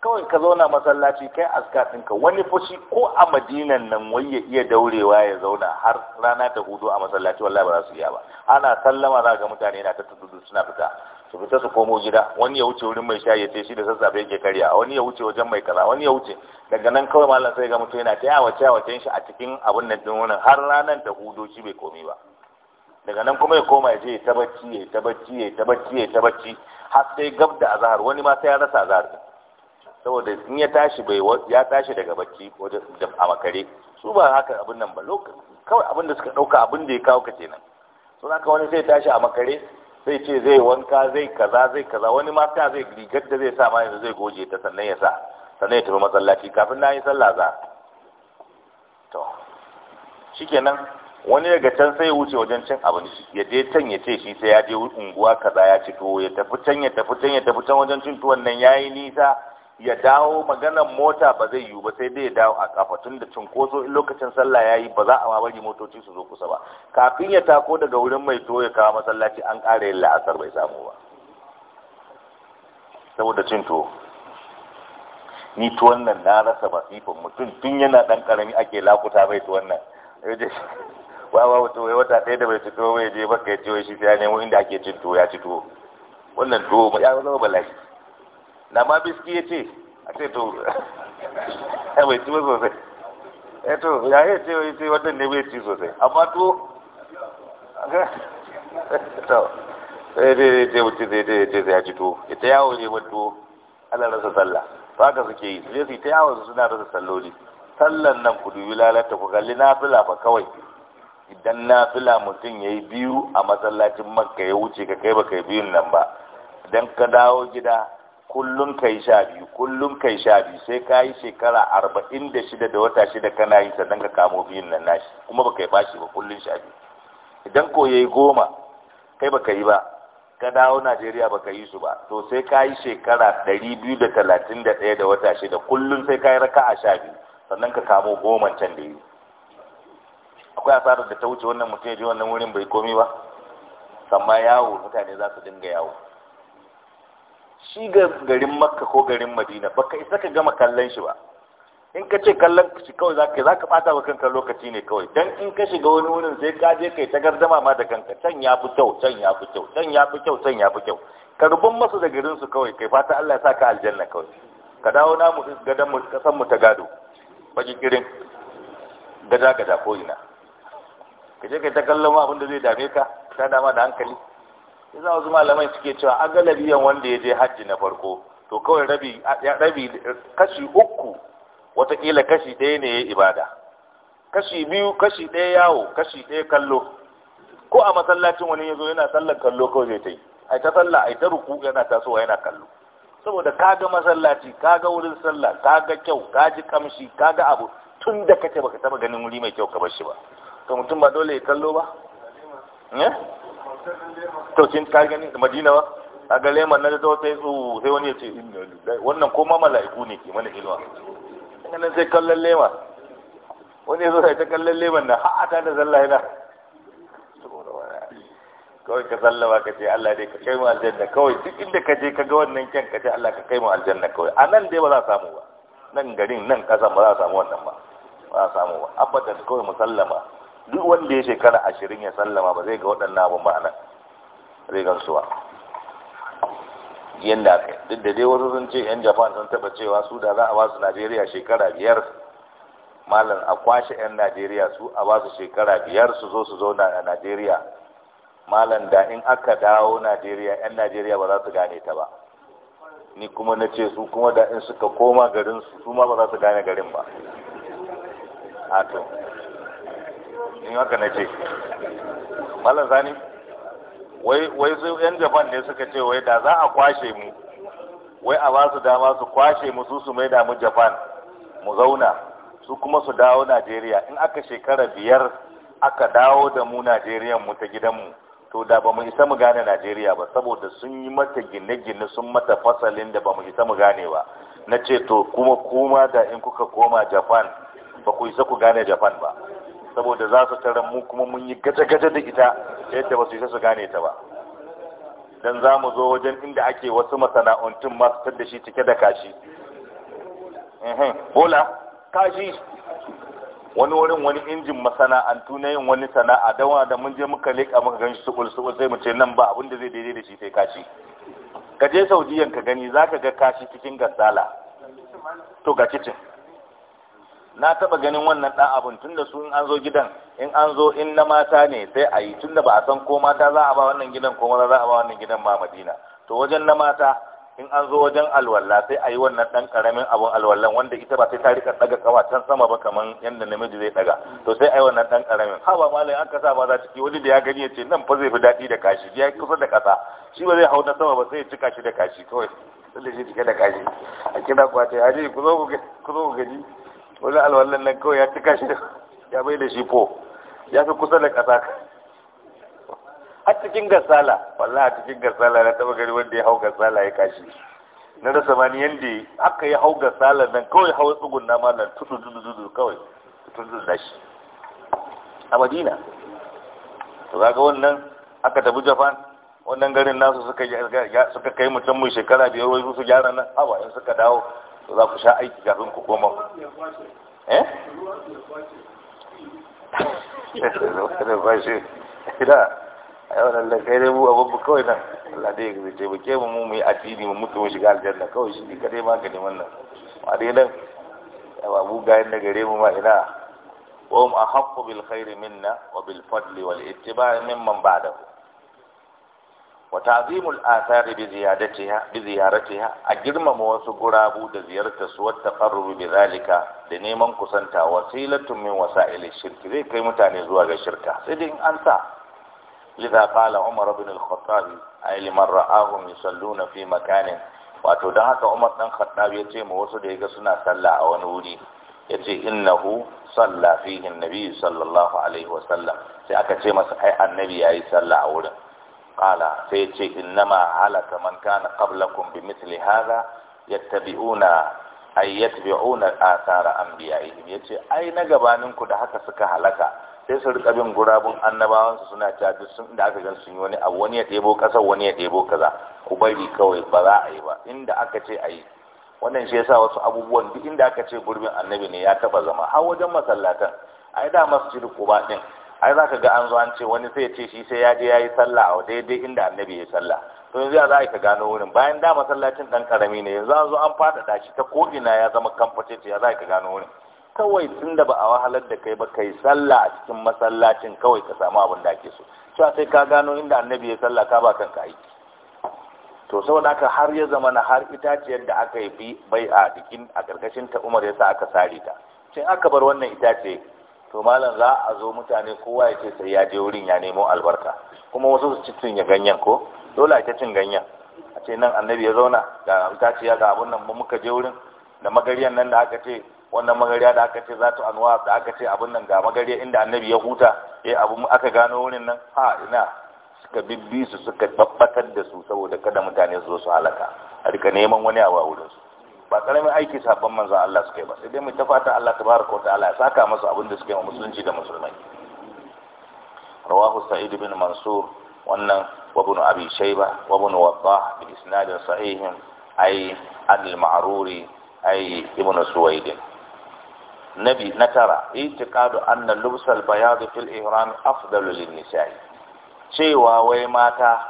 kawai ka zauna masallaci kai aska ɗinka wani fushi ko a madinan nan wai ya iya daurewa ya zauna har rana ta hudu a masallaci wallahi ba za su iya ba ana sallama za ga mutane na ta suna fita su fita su komo gida wani ya wuce wurin mai shayi sai shi da sassafe yake karya wani ya wuce wajen mai kaza wani ya wuce daga nan kawai malam sai ga mutum yana ta yawa yawa shi a cikin abin nan din wannan har ranar ta hudu shi bai komi ba daga nan kuma ya koma ya je ya tabacci ya tabacci ya tabacci ya tabacci har sai gab da azhar wani ma sai ya rasa azhar saboda in ya tashi bai ya tashi daga bacci da a makare su ba haka abin nan ba kawai abin da suka dauka abin da ya kawo ka kenan so haka wani sai tashi a makare sai ce zai wanka zai kaza zai kaza wani ma ta zai rigar da zai sa ma yanzu zai goje ta sannan ya sa sannan ya tafi masallaci kafin na yi sallah za to shikenan wani daga can sai ya wuce wajen cin abinci ya je can ya ce shi sai ya je unguwa kaza ya ci tuwo ya tafi can ya tafi can ya tafi can wajen cin tuwon nan yayi nisa ya dawo maganar mota ba zai yiwu ba sai dai ya dawo a kafa tun da cunkoso in lokacin sallah ya yi ba za a ma bari motoci su zo kusa ba kafin ya tako daga wurin mai tuwo ya kawo masallaci an ƙara yin la'asar bai samu ba saboda cin tuwo ni tuwon nan na rasa masifin mutum tun yana ɗan ƙarami ake lakuta bai tuwon nan wawa wato wai wata ɗaya da bai fito wai bai je baka ya ciwo shi sai ya nemo inda ake cin tuwo ya ci tuwo wannan tuwo ya zama bala'i na ma biski ya ce a ce to ya bai ci sosai ya eh to ya yi ce wai ce wannan ne bai ci sosai amma tuwo to sai dai dai ce mutum zai dai ce sai ya ci tuwo ya ta yawo ne ba tuwo ana rasa sallah to haka suke yi su je su yi ta yawon suna rasa salloli sallan nan ku dubi lalata ku kalli na fila fa kawai idan na fila mutum ya yi biyu a masallacin makka ya wuce ka kai baka yi biyun nan ba idan ka dawo gida kullum ka yi sha biyu kullum ka yi sha biyu sai ka yi shekara arba'in da shida da wata shida kana yi sannan ka kamo biyun nan nashi kuma baka yi bashi ba kullum sha biyu idan ko ya yi goma kai baka yi ba ka dawo najeriya baka yi su ba to sai ka yi shekara ɗari biyu da talatin da ɗaya da wata shida kullum sai ka yi raka'a sha biyu sannan ka kamo goma can da yi akwai asarar da ta wuce wannan mutum ya je wannan wurin bai komi ba amma yawo mutane za su dinga yawo shi ga garin makka ko garin madina baka isa ka gama kallon shi ba in ka ce kallon shi kawai za ka za ka bata wa kanka lokaci ne kawai dan in ka shiga wani wurin sai ka je kai ta gardama ma da kanka can ya fi kyau can ya fi kyau can ya fi kyau can ya fi kyau ka rubun masu da garinsu su kawai kai fata Allah ya ka aljanna kawai ka dawo namu gadan mu kasan mu ta gado baki kirin gada gada ko ina ka je kai ta kallon abin da zai dame ka ta dama da hankali ya za wasu malaman suke cewa a galabiyan wanda ya je hajji na farko to kawai rabi rabi kashi uku watakila kashi ɗaya ne ya ibada kashi biyu kashi ɗaya yawo kashi ɗaya kallo ko a masallacin wani ya zo yana sallar kallo kawai zai ta yi a ta sallah a ta ruku yana tasowa yana kallo saboda kaga masallaci kaga wurin sallah kaga kyau ka kaji kamshi ga abu tun da kace baka taba ganin wuri mai kyau ka bar shi ba to mutum ba dole ya kallo ba ne eh? to sin ka gani madina ba a ga leman na da ta yi su sai wani ya ce wannan ko ma mala'iku ne ke mana ilwa ganin sai kallon lema wani ya zo sai ta kallon leman na ha'a ta da zalla yana kawai ka sallama ka ce Allah dai ka kai mu aljanna kawai duk inda ka je ka ga wannan kyan ka ce Allah ka kai mu aljanna kawai a nan dai ba za a samu ba nan garin nan kasan ba za a samu wannan ba ba a samu ba abadan kawai musallama duk wanda ya shekara ashirin ya sallama ba zai ga waɗannan abin ba nan zai gansu ba yadda aka duk da dai wasu sun ce yan japan sun taɓa cewa su da za a basu najeriya shekara biyar malam a kwashe yan najeriya su a basu shekara biyar su zo su zauna a najeriya malam da in aka dawo najeriya yan najeriya ba za su gane ta ba ni kuma na ce su kuma da in suka koma garin su su ma ba za su gane garin ba a in haka na ce malam sani wai wai su yan japan ne suka ce wai da za a kwashe mu wai a ba su dama su kwashe mu su su mai mu japan mu zauna su kuma su dawo najeriya in aka shekara biyar aka dawo da mu najeriya mu ta gidan mu, to da ba mu isa mu gane najeriya ba saboda sun yi mata gine-gine sun mata fasalin da ba mu isa mu gane ba na ce to kuma kuma da in kuka koma japan ba ku isa ku gane japan ba saboda za su tara mu kuma mun yi gaje-gaje da ita yadda ba su yi su gane ta ba don za mu zo wajen inda ake wasu masana'antun masu tar da shi cike da kashi bola kashi wani wurin wani injin masana'antu na yin wani sana'a da wanda mun je muka leƙa muka gan shi suɓul suɓul sai mu ce nan ba abin da zai daidai da shi sai kashi ka je saudiyan ka gani za ka ga kashi cikin gasala to ga kicin na taba ganin wannan abin abun da su in an zo gidan in an zo in na mata ne sai a yi da ba a san ko mata za a ba wannan gidan ko mata za a ba wannan gidan ma Madina to wajen na mata in an zo wajen alwala sai a yi wannan ɗan karamin abun alwallan wanda ita ba sai ta rika ɗaga kawa can sama ba kaman yadda namiji zai ɗaga to sai a yi wannan ƙaramin karamin ba malai an kasa ba za ciki wani da ya gani ya ce nan fa zai fi daɗi da kashi ya kusa da ƙasa shi ba zai hau na sama ba sai ya cika shi da kashi kawai sai da shi cike da kashi a kira kwace a ku zo ku gani wani alwallon nan kawai ya kashi da ya bai da shi fo ya fi kusa da ƙasa a cikin gasala wallah a cikin gasala na taba gari wanda ya hau gasala ya kashi na rasa ma ni yanda aka ya hau gasala nan kawai hau tsugun na ma nan tutu dudu dudu kawai dudu da shi a madina to ga wannan aka tafi japan wannan garin nasu suka suka kai mutum mai shekara biyar wai su gyara nan awa in suka dawo to za ku sha aiki kafin ku koma eh da kai dai mu abubu kawai nan Allah dai ya taimake mu mu yi addini mu mutu mu shiga aljanna kawai shi kadai maganin wannan ma dai nan ba mu ga yanda gare mu ma ina wa hum ahqqu bil khairi minna wa bil fadli wal ittiba' mimman ba'dahu Wata ta'zimul athari bi ziyadatiha bi a girmama wasu gurabu da ziyartar su wata taqarrubi bi da neman kusanta wasilatun min wasa'il shirki zai kai mutane zuwa ga shirka sai dai an sa لذا قال عمر بن الخطاب أي لمن رآهم يصلون في مكان wato don haka Umar ɗan Khattab ya ce ma wasu da ya ga suna sallah a wani wuri ya ce innahu salla fihin nabi sallallahu alaihi wasallam sai aka ce masa ai annabi ya yi sallah a wurin qala sai ce innama halaka kaman kana qablakum bimithli hadha yattabi'una ay yattabi'una athara anbiya'ihim yace ai na gabanin ku da haka suka halaka sai su rika bin gurabun annabawan su suna ta sun da aka sun yi wani abu wani ya ɗebo kasar wani ya ɗebo kaza ku bari kawai ba za a yi ba inda aka ce a yi wannan shi yasa wasu abubuwan duk inda aka ce gurbin annabi ne ya taba zama har wajen masallatan ai da masjid quba din ai za ka ga an zo an ce wani sai ce shi sai ya je ya yi sallah a daidai inda annabi ya sallah to yanzu ya za ka gano wurin bayan da masallacin dan karami ne yanzu an zo an faɗaɗa shi ta ko'ina ya zama kamfatacce ya za ka gano wurin kawai tun da ba a wahalar da kai ba kai sallah a cikin masallacin kawai ka samu abin da ake so cewa sai ka gano inda annabi ya sallah ka ba kanka aiki to saboda haka har ya zama na har itaciyar da aka yi bai a jikin a karkashin ta umar ya sa aka sare ta sai aka bar wannan itace to malam za a zo mutane kowa ya ce sai ya je wurin ya nemo albarka kuma wasu su cin ya ganyen ko dole a cin ganyen a ce nan annabi ya zauna ga itaciya ga abun nan muka je wurin da magariyan nan da aka ce wannan magariya da aka ce za ta anuwa da aka ce abun nan ga magariya inda annabi ya huta ya eh, abu aka gano wurin nan ha ina suka bibbi su suka tabbatar da su saboda kada mutane su zo su halaka a rika neman wani abu a wurinsu ba karamin aiki sabon manzon Allah suka yi ba sai dai mu ta Allah tabaraka wa ta'ala ya saka musu abin da suka yi musulunci da musulmai rawahu sa'id bin mansur wannan wa ibn abi shayba wa ibn wadah bi isnad sahih ay al-ma'ruri ay ibn suwaid nabi na itiqadu anna lubsal bayad fil ihram afdalu lin nisa'i cewa wai mata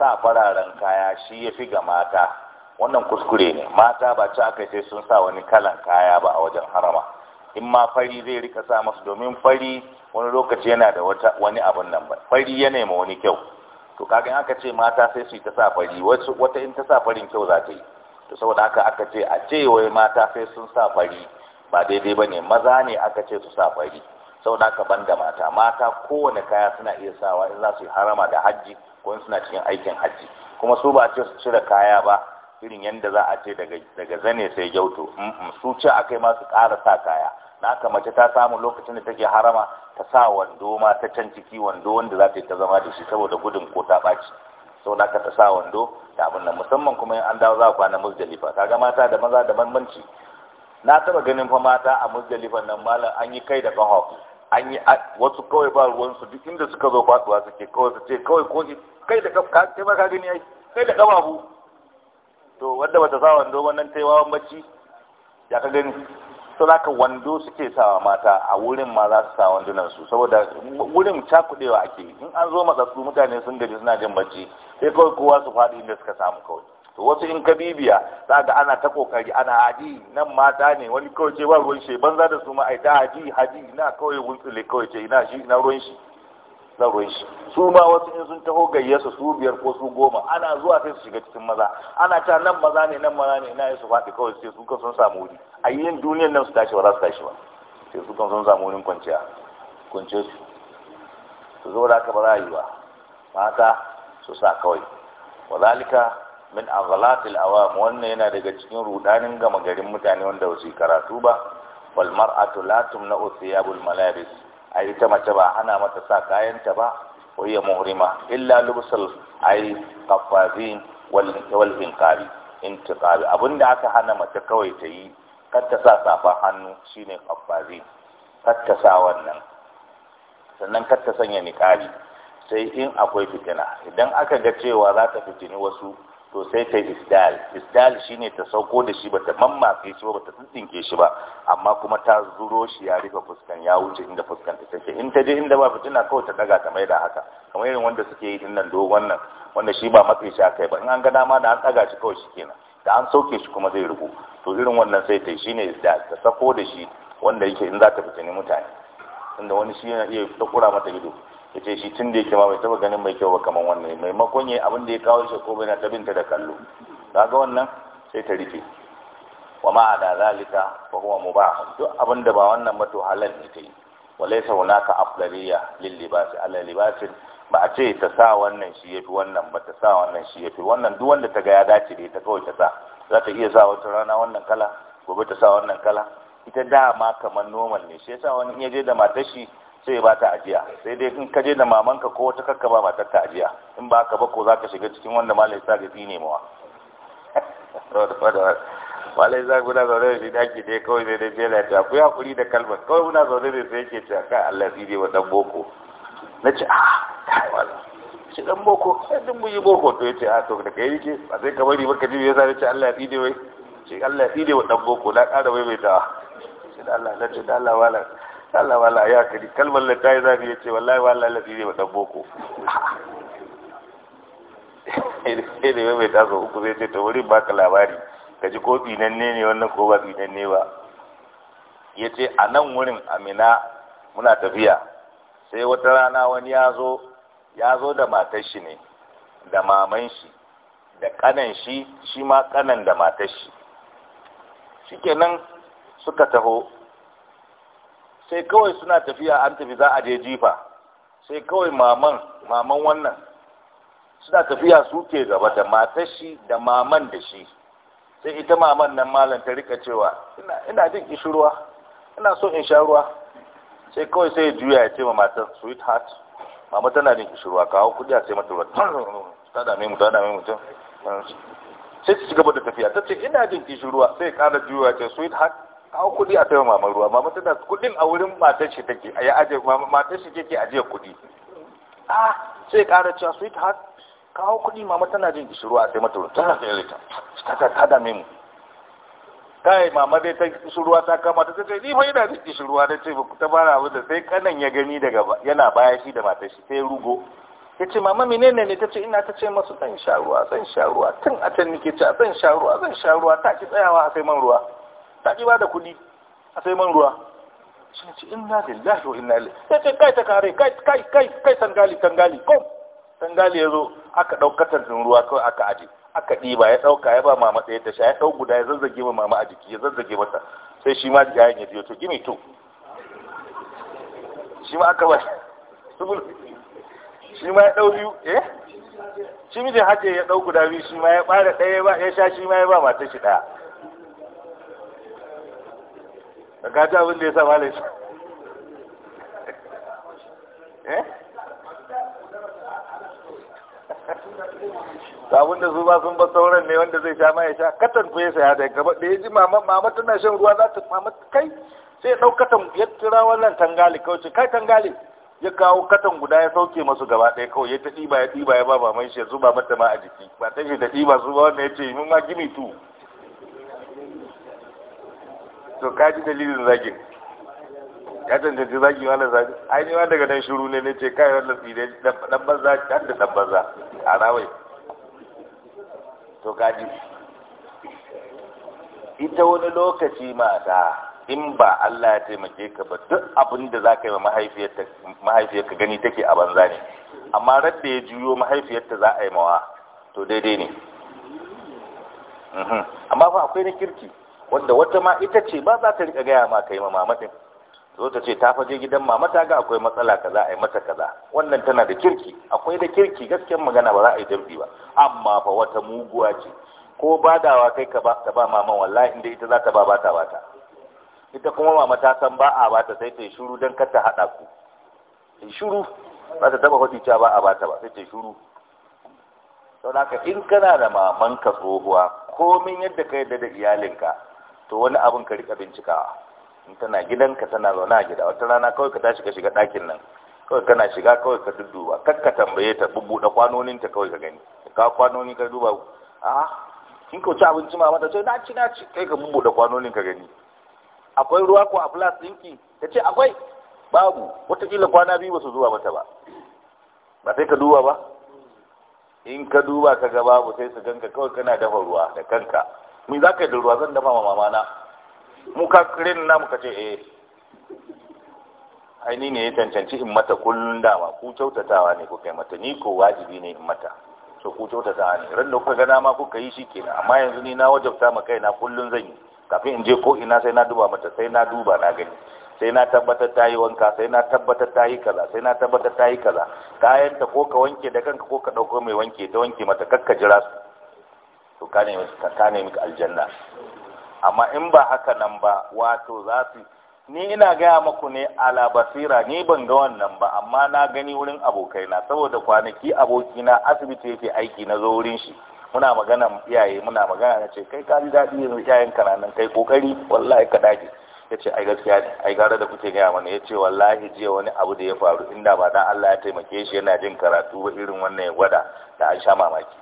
sa fararen kaya shi yafi ga mata wannan kuskure ne mata ba ci aka sai sun sa wani kalan kaya ba a wajen harama in ma fari zai rika sa masu domin fari wani lokaci yana da wata wani abun nan ba fari ya nema wani kyau to kaga in aka ce mata sai su yi ta sa fari wata in ta sa farin kyau za ta yi to saboda haka aka ce a ce wai mata sai sun sa fari ba daidai ba ne maza ne aka ce su sa fari saboda haka ban da mata mata kowane kaya suna iya sawa in za su yi harama da hajji ko in suna cikin aikin hajji kuma su ba ce su cire kaya ba irin yadda za a ce daga zane sai gyauto mm, mm, su ce aka yi masu ƙara sa kaya na aka mace ta samu lokacin da take harama ta sa wando ma ta can ciki wando wanda za ta yi ta zama da shi saboda gudun ko ta ɓaci sau da ka ta sa wando da abin nan musamman kuma an dawo za a kwana musdalifa ga mata da maza da bambanci na taɓa ganin fa mata a musdalifan nan malam an yi kai da ƙaho an yi wasu kawai ba ruwansu duk inda suka zo kwasuwa suke kawai su ce kawai ko kai da kafa ka gani ai kai da ƙafafu to wanda bata sa wando wannan ta bacci ya ka gani to ka wando suke sawa mata a wurin ma za su sa wandunan su saboda wurin cakudewa ake in an zo matsatsu mutane sun gaji suna jin bacci sai kawai kowa su faɗi inda suka samu kawai to wasu in ka bibiya za ka ana ta kokari ana haji nan mata ne wani kawai ce ba ruwan shi banza da su ma ai ta haji haji ina kawai wuntsule kawai ce ina shi ina ruwan shi saboda shi su ma wasu in sun taho gayyarsa su biyar ko su goma ana zuwa sai su shiga cikin maza ana ta nan maza ne nan maza ne ina yi su faɗi kawai sai su kan sun samu wuri a yin duniyar nan su tashi ba za su tashi ba sai su kan sun samu wurin kwanciya kwanciyar su su zo da aka ba za a yi ba mata su sa kawai wazalika min aghlatil awam wannan yana daga cikin rudanin gama garin mutane wanda ba su yi karatu ba wal mar'atu la tumna'u thiyabul malabis a ita mace ba ana mata sa kayanta ba ya muhrima illa lubsul ay qaffazin wal wal inqabi intiqabi abinda aka hana mace kawai ta yi kar ta sa safa hannu shine qaffazin kar ta sa wannan sannan kar ta sanya niqabi sai in akwai fitina idan aka ga cewa za ta fitini wasu to sai ta isdal isdal shine ta sauko da shi bata mammatse shi ba bata tsinke shi ba amma kuma ta zuro shi ya rufe fuskan ya wuce inda fuskan ta take in ta je inda ba fitina kawai ta daga ta maida haka kamar irin wanda suke yi dinnan do wannan wanda shi ba matsayi shi akai ba in an ga dama da an daga shi kawai shikenan da an sauke shi kuma zai rubu to irin wannan sai ta shine isdal ta sako da shi wanda yake in za ta fitini mutane inda wani shi yana iya ta kura mata ido ya ce shi tun da yake ma bai taba ganin mai kyau ba kamar wannan maimakon ya abin da ya kawo shi ko bai na ta binta da kallo ga wannan sai ta rufe wa ma da zalika fa huwa mubah duk abin da ba wannan ba to halal ne ta yi walaysa hunaka afdaliya lil libas ala libas ba a ce ta sa wannan shi yafi wannan ba ta sa wannan shi yafi wannan duk wanda ta ga ya dace da ita kawai ta sa za ta iya sa wata rana wannan kala gobe ta sa wannan kala ita dama kamar normal ne shi yasa wani in ya je da matar shi sai ya bata ajiya sai dai in kaje da mamanka ko wata kakka ba matar ta ajiya in ba ka ba ko zaka shiga cikin wanda malai sa ga fine mawa malai sa guda zaune da shi daki dai kawai sai dai jela ta ku hakuri da kalmar kawai muna zaune da sai yake cewa kai Allah zai wa dan boko na ce ah kai wala shi dan boko sai dun buji boko to yace ah to da kai yake ba sai ka bari ba ka ji yasa yace Allah tsine wai shi Allah tsine wa dan boko na ƙara maimaitawa shi da Allah na ce da Allah wala Allah wala ya kadi kalmar da ta yi zafi ya ce wallahi wala Allah lafi zai ba boko sai da mai taso uku zai ce ta wuri ka labari ka ji ko tsinanne ne wannan ko ba ne ba ya ce a nan wurin amina muna tafiya sai wata rana wani ya zo ya zo da matar shi ne da maman shi da kanan shi shi ma kanan da matar shi kenan suka taho sai kawai suna tafiya an tafi za a je jifa sai kawai maman maman wannan suna tafiya su ke gaba da matar shi da maman da shi sai ita maman nan malam ta rika cewa ina jin kishirwa ina so in sha ruwa sai kawai sai juya ya ce ma matar sweetheart mama tana jin kishirwa kawo kudi a sai mata ruwa ta dame mu ta dame mu ta sai su gaba da tafiya ta ce ina jin kishirwa sai ya kara juya ya ce heart kawo kuɗi a sayo mama ruwa mama tana kudin a wurin matar shi take a ya aje matar shi take ajiye kuɗi ah sai kara cewa sweet heart kawo kuɗi mama tana jin kishiru a sai mata ruwa sai rita ta ta ta dame mu kai mama dai ta kishirwa ta kama ta ce ni fa ina jin kishirwa da ce ta fara abu da sai kanan ya gani daga yana baya shi da matar shi sai rugo ya ce mama menene ne ta ce ina ta ce masu zan sha ruwa zan sha ruwa tun a can nike ce zan sha ruwa zan sha ruwa ta ki tsayawa a sai man ruwa ta ki ba da kuɗi a sai man ruwa sun ce inna da wa inna ilaihi sai ce kai ta kare kai kai kai kai tangali tangali kom tangali ya zo aka ɗaukatar din ruwa kawai aka aje aka ɗiba ya ɗauka ya ba mama ɗaya ta sha ya ɗau guda ya zazzage ma mama a jiki ya zazzage mata sai shi ma jayan ya biyo to gimi to shi ma aka ba shi ma ya ɗau biyu eh shi mijin hajji ya ɗau guda biyu shi ma ya ɓare ɗaya ya sha shi ma ya ba mata shi ɗaya da ka abin da ya sa malai shi sabon eh? da su ba sun ba sauran ne wanda zai sha ma sha katan ku ya saya da gaba da ya ji mama tana shan ruwa za ta mama kai sai ya ɗau katan ya tura wannan tangali kawai kai tangali ya kawo katan guda ya sauke masu gaba ɗaya kawai ya ta ɗiba ya ɗiba ya ba mai shi ya zuba mata ma a jiki ba ta shi da ɗiba su ba wanda ya ce mun ma gimi tu to kaji dalilin zagin ya tantance zagi wala zagi ai ni ma daga nan shiru ne ne ce kai wala tsire dan banza dan da dan banza a rawai to kaji. ita wani lokaci mata in ba Allah ya taimake ka ba duk abin da za ka yi wa mahaifiyarka gani take a banza ne amma radda ya juyo mahaifiyarta za a yi mawa to daidai ne mhm. amma fa akwai na kirki wanda wata ma ita ce ba za ta rika gaya ma ka yi ma mama to ta ce ta faje gidan mama ta ga akwai matsala kaza ai mata kaza wannan tana da kirki akwai da kirki gaskiyar magana ba za a yi dambi ba amma fa wata muguwa ce ko badawa kai ka ba ta ba maman wallahi inda ita za ta ba bata bata ita kuma mama ta san ba a bata sai ta yi shiru dan kar ta hada ku shiru ba ta taba hudi cewa ba a bata ba sai ta yi shiru saboda haka in kana da mamanka tsohuwa komin yadda ka yadda da iyalinka to wani abin ka rika bincika in tana gidanka tana zaune a gida wata rana kawai ka tashi ka shiga ɗakin nan kawai kana shiga kawai ka dudduba kar ka tambaye ta bubbuɗe kwanoninta kawai ka gani ka kwanoni ka duba a kin kauce abinci ma mata sai na ci na ci kai ka bubbuɗe kwanonin ka gani akwai ruwa ko a flas ɗinki ta ce akwai babu watakila kwana biyu ba su zuwa mata ba ba sai ka duba ba in ka duba ka ga babu sai su ganka kawai kana dafa ruwa da kanka me za ka yi da ruwa zan dafa ma mamana mu ka na namu ka ce eh aini ne ya cancanci in mata kullun dama ku kyautatawa ne kuka yi mata ni ko wajibi ne in mata so ku kyautatawa ne ran da kuka gana ma kuka yi shikenan amma yanzu ni na wajabta ma kaina kullun zan yi kafin in je ko ina sai na duba mata sai na duba na gani sai na tabbatar ta yi wanka sai na tabbatar ta yi kaza sai na tabbatar ta yi kaza kayan ta ko ka wanke da kanka ko ka dauko mai wanke ta wanke mata kakka jira su to ka ne ka aljanna amma in ba haka nan ba wato za su ni ina gaya maku ne ala basira ni ban ga wannan ba amma na gani wurin abokaina saboda kwanaki abokina asibiti yake aiki na zo wurin shi muna magana iyaye muna magana na ce kai kaji daɗi yanzu iyayen ka kai kokari wallahi ka dage ya ce ai gaskiya ne ai gara da kuke gaya mana ya ce wallahi jiya wani abu da ya faru inda ba dan Allah ya taimake shi yana jin karatu ba irin wannan ya gwada da an sha mamaki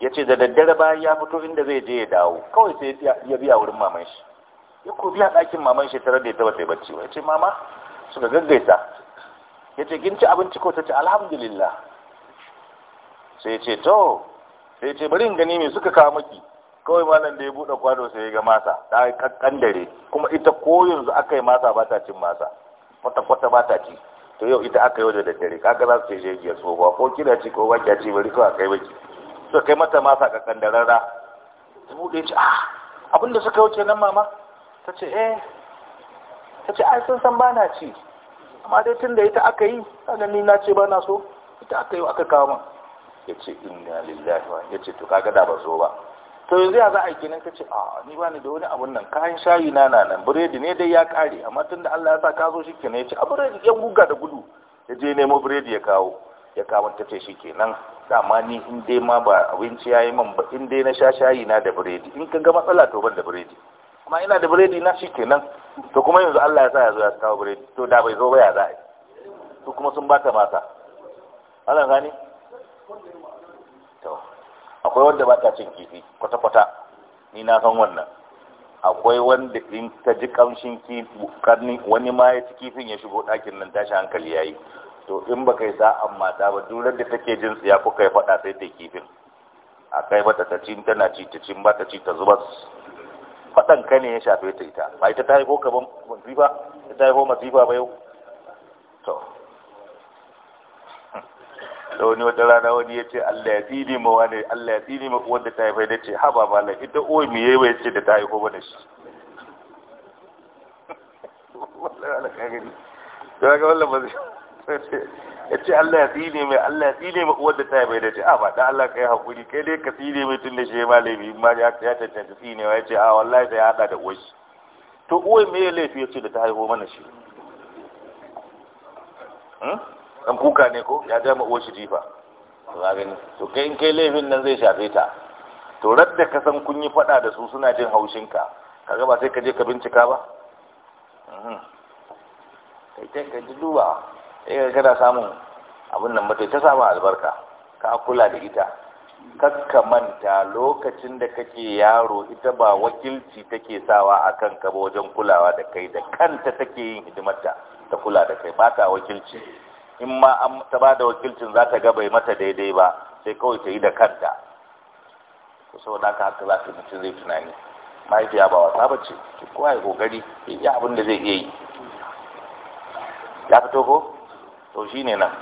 ya ce da daddare bayan ya fito inda zai je ya dawo kawai sai ya biya wurin maman shi ya ko biya ɗakin maman shi tare da ya taba ta yi bacci ba ya ce mama suka gaggaisa ya ce kin ci abinci ko ta ce alhamdulillah sai ya ce to sai ya ce bari in gani me suka kawo maki kawai malam da ya buɗe kwado sai ya ga masa ta kakkan dare kuma ita ko yanzu aka yi masa ba ta cin masa kwata-kwata ba ta ci to yau ita aka yi wajen daddare kaga za su ce ya tsohuwa ko kira ci ko ba ya ci bari kawai kai baki suka kai mata masa ga kandararra ta buɗe ce ah abinda suka wuce nan mama ta ce eh ta ce ai sun san bana ci amma dai tun da ita aka yi kaga ni na ce bana so ita aka yi aka kawo min ya ce inna lillahi wa ya ce to kaga da ba so ba to yanzu ya za a yi ginin ka ce ah ni ba ni da wani abun nan kayan shayi na na nan biredi ne dai ya kare amma tun da Allah ya sa ka zo shi kenan ya ce a biredi yan guga da gudu ya je nemo biredi ya kawo ya kawo ta ce shi kenan dama ni in dai ma ba abinci yayi man ba in dai na sha shayi na da biredi in kan matsala to ban da biredi amma ina da biredi na shikenan to kuma yanzu Allah ya sa ya zo ya kawo biredi to da bai zo ba ya zai su kuma sun bata mata Allah gani to akwai wanda ba ta cin kifi kwata kwata ni na san wannan akwai wanda in ta ji kamshin kifi wani ma ya ci kifin ya shigo dakin nan tashi hankali yayi to in baka yi sa'an mata ba Duran da take jin tsiya ko kai faɗa sai ta kifin a kai mata ta cin tana ci ta cin ba ta ci ta zuba faɗan ka ne ya shafe ta ita ba ita ta haifo ka ba masifa ita ta haifo masifa ba yau to da wani wata rana wani ya ce Allah ya tsini ma wani Allah ya tsini ma wanda ta fai da ce haba malam ita uwa mi yayi ya ce da ta haifo ba da shi wallahi ala ga wallahi ba ya ce Allah ya tsine mai Allah ya tsine mai uwar da ta bai da ce a ah, ba dan Allah kai hakuri kai dai ka tsine mai tun da shi ma laifi ma ya ya tantance tsine ya ce a ah, wallahi sai ya hada da uwar shi to uwar me ya laifi yace da ta haihu mana shi hmm? dan kuka ne ko ya ga ma uwar shi jifa ka gani to kai in kai laifin nan zai shafe ta to radda ka san kun yi fada da su suna jin haushin ka kaga ba sai ka je ka bincika ba hmm. kai ta ka ji duba ka eh, kana samun abin nan mutai ta samu albarka ka kula da ita kakka manta lokacin da kake yaro ita ba wakilci take sawa a kan ka ba wajen kulawa da kai da kanta take yin hidimarta ta kula da kai ba ta wakilci in ma an ta ba da wakilcin za ta ga bai mata daidai ba sai kawai ta yi da kanta ku sau da haka za ka mutum zai tunani mahaifiya ba wasa ba ce ki kowa ya kokari ya abin da zai iya yi ya fito ko to ne nan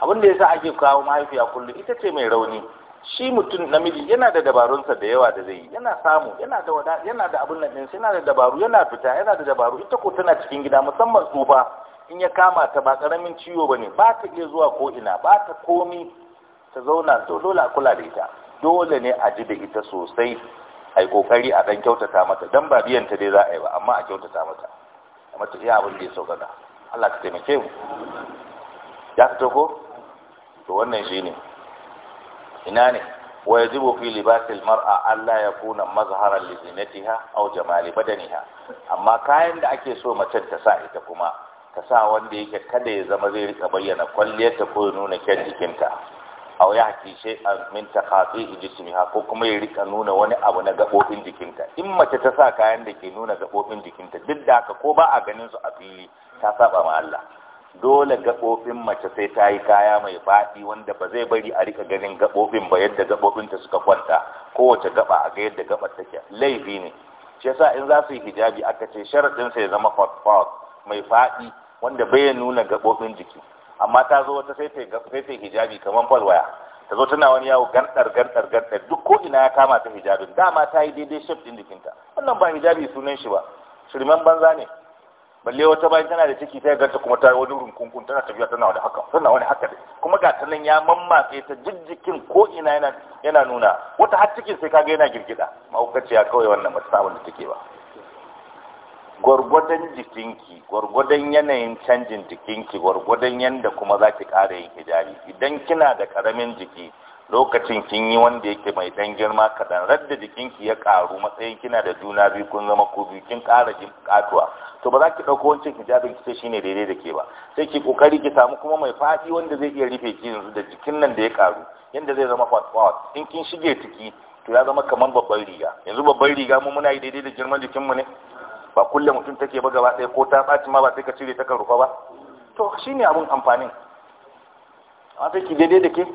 abin da ya sa ake kawo mahaifiya kullum ita ce mai rauni shi mutum namiji yana da dabarunsa da yawa da zai yi yana samu yana da wada yana da abin nan yana da dabaru yana fita yana da dabaru ita ko tana cikin gida musamman tsufa in ya kama ta ba karamin ciwo bane ba ta iya zuwa ko ina ba ta komi ta zauna to dole a kula da ita dole ne a ji da ita sosai a yi kokari a dan kyautata mata dan ba biyan ta dai za a yi ba amma a kyautata mata mata iya abin da ya sauka Allah ka taimake mu ya fito ko to wannan shi ne. ina ne wa yajibu fi libasil mar'a alla yakuna mazharan li zinatiha aw jamali badaniha amma kayan da ake so mace ta sa ita kuma ta sa wanda yake kada ya zama zai rika bayyana ta ko nuna kyan jikinta aw ya haki shay min taqati jismiha ko kuma ya rika nuna wani abu na gabobin jikinta in mace ta sa kayan da ke nuna gabobin jikinta duk da haka ko ba a ganin su a fili ta saba ma Allah dole gaɓoɓin mace sai ta yi kaya mai faɗi wanda ba zai bari a rika ganin gaɓoɓin ba yadda gaɓoɓinta suka kwanta kowace gaɓa a ga yadda gaɓar take laifi ne shi yasa in za su yi hijabi aka ce sharaɗin sai zama fatfat mai faɗi wanda bai ya nuna gaɓoɓin jiki amma ta zo wata sai ta hijabi kamar falwaya ta zo tana wani yawo gantar gantar gantar duk ko ina ya kama ta hijabin dama ta yi daidai shaf ɗin jikinta wannan ba hijabi sunan shi ba shirman banza ne balle wata bayan tana da ciki ta ganta kuma ta wani rukunkun tana tafiya tana wani haka tana wani haka kuma ga ta nan ya mammatse ta jijjikin ko ina yana yana nuna wata har cikin sai kaga yana girgida mahaukaciya kawai wannan ba ta da take ba gwargwadon jikinki gwargwadon yanayin canjin jikinki gwargwadon yanda kuma za ki ƙara yin hijabi idan kina da ƙaramin jiki lokacin kin yi wanda yake mai dan girma kadan radda jikinki ya ƙaru matsayin kina da juna biyu kun zama ku biyu kin ƙara jin katuwa to ba za ki ɗauko wancan hijabin ki ce ne daidai da ke ba sai ki kokari ki samu kuma mai faɗi wanda zai iya rufe ki yanzu da jikin nan da ya karu yanda zai zama fat in kin shige ciki to ya zama kamar babban riga yanzu babban riga mu muna yi daidai da girman jikin mu ne ba kullum mutum take ba gaba ɗaya ko ta ɓaci ma ba sai ka cire ta kan rufa ba to shi ne abin amfanin a sai ki daidai da ke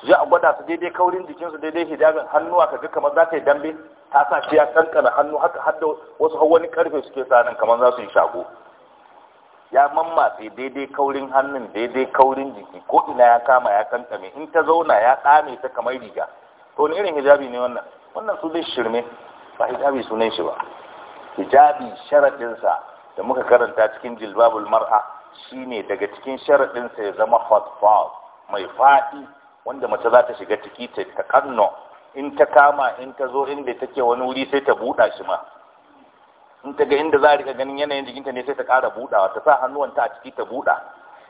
su je a gwada su daidai kaurin jikinsu daidai hijabin hannuwa ka ga kamar za ka yi dambe ta sa shi ya kankana hannu haka hada wasu har karfe suke tsanin kamar za su yi shago ya mammatse daidai kaurin hannun daidai kaurin jiki ko ina ya kama ya kankame in ta zauna ya tsame ta kamar riga to ne irin hijabi ne wannan wannan su zai shirme ba hijabi sunan shi ba hijabi sharaɗinsa da muka karanta cikin jilbabul mar'a shine daga cikin sharaɗinsa ya zama hot mai faɗi wanda mace za ta shiga ciki ta kanno in ta kama in ta zo inda take wani wuri sai ta buɗa shi ma in ta ga inda za a rika ganin yanayin jikinta ne sai ta ƙara buɗawa ta sa hannuwanta a ciki ta buɗa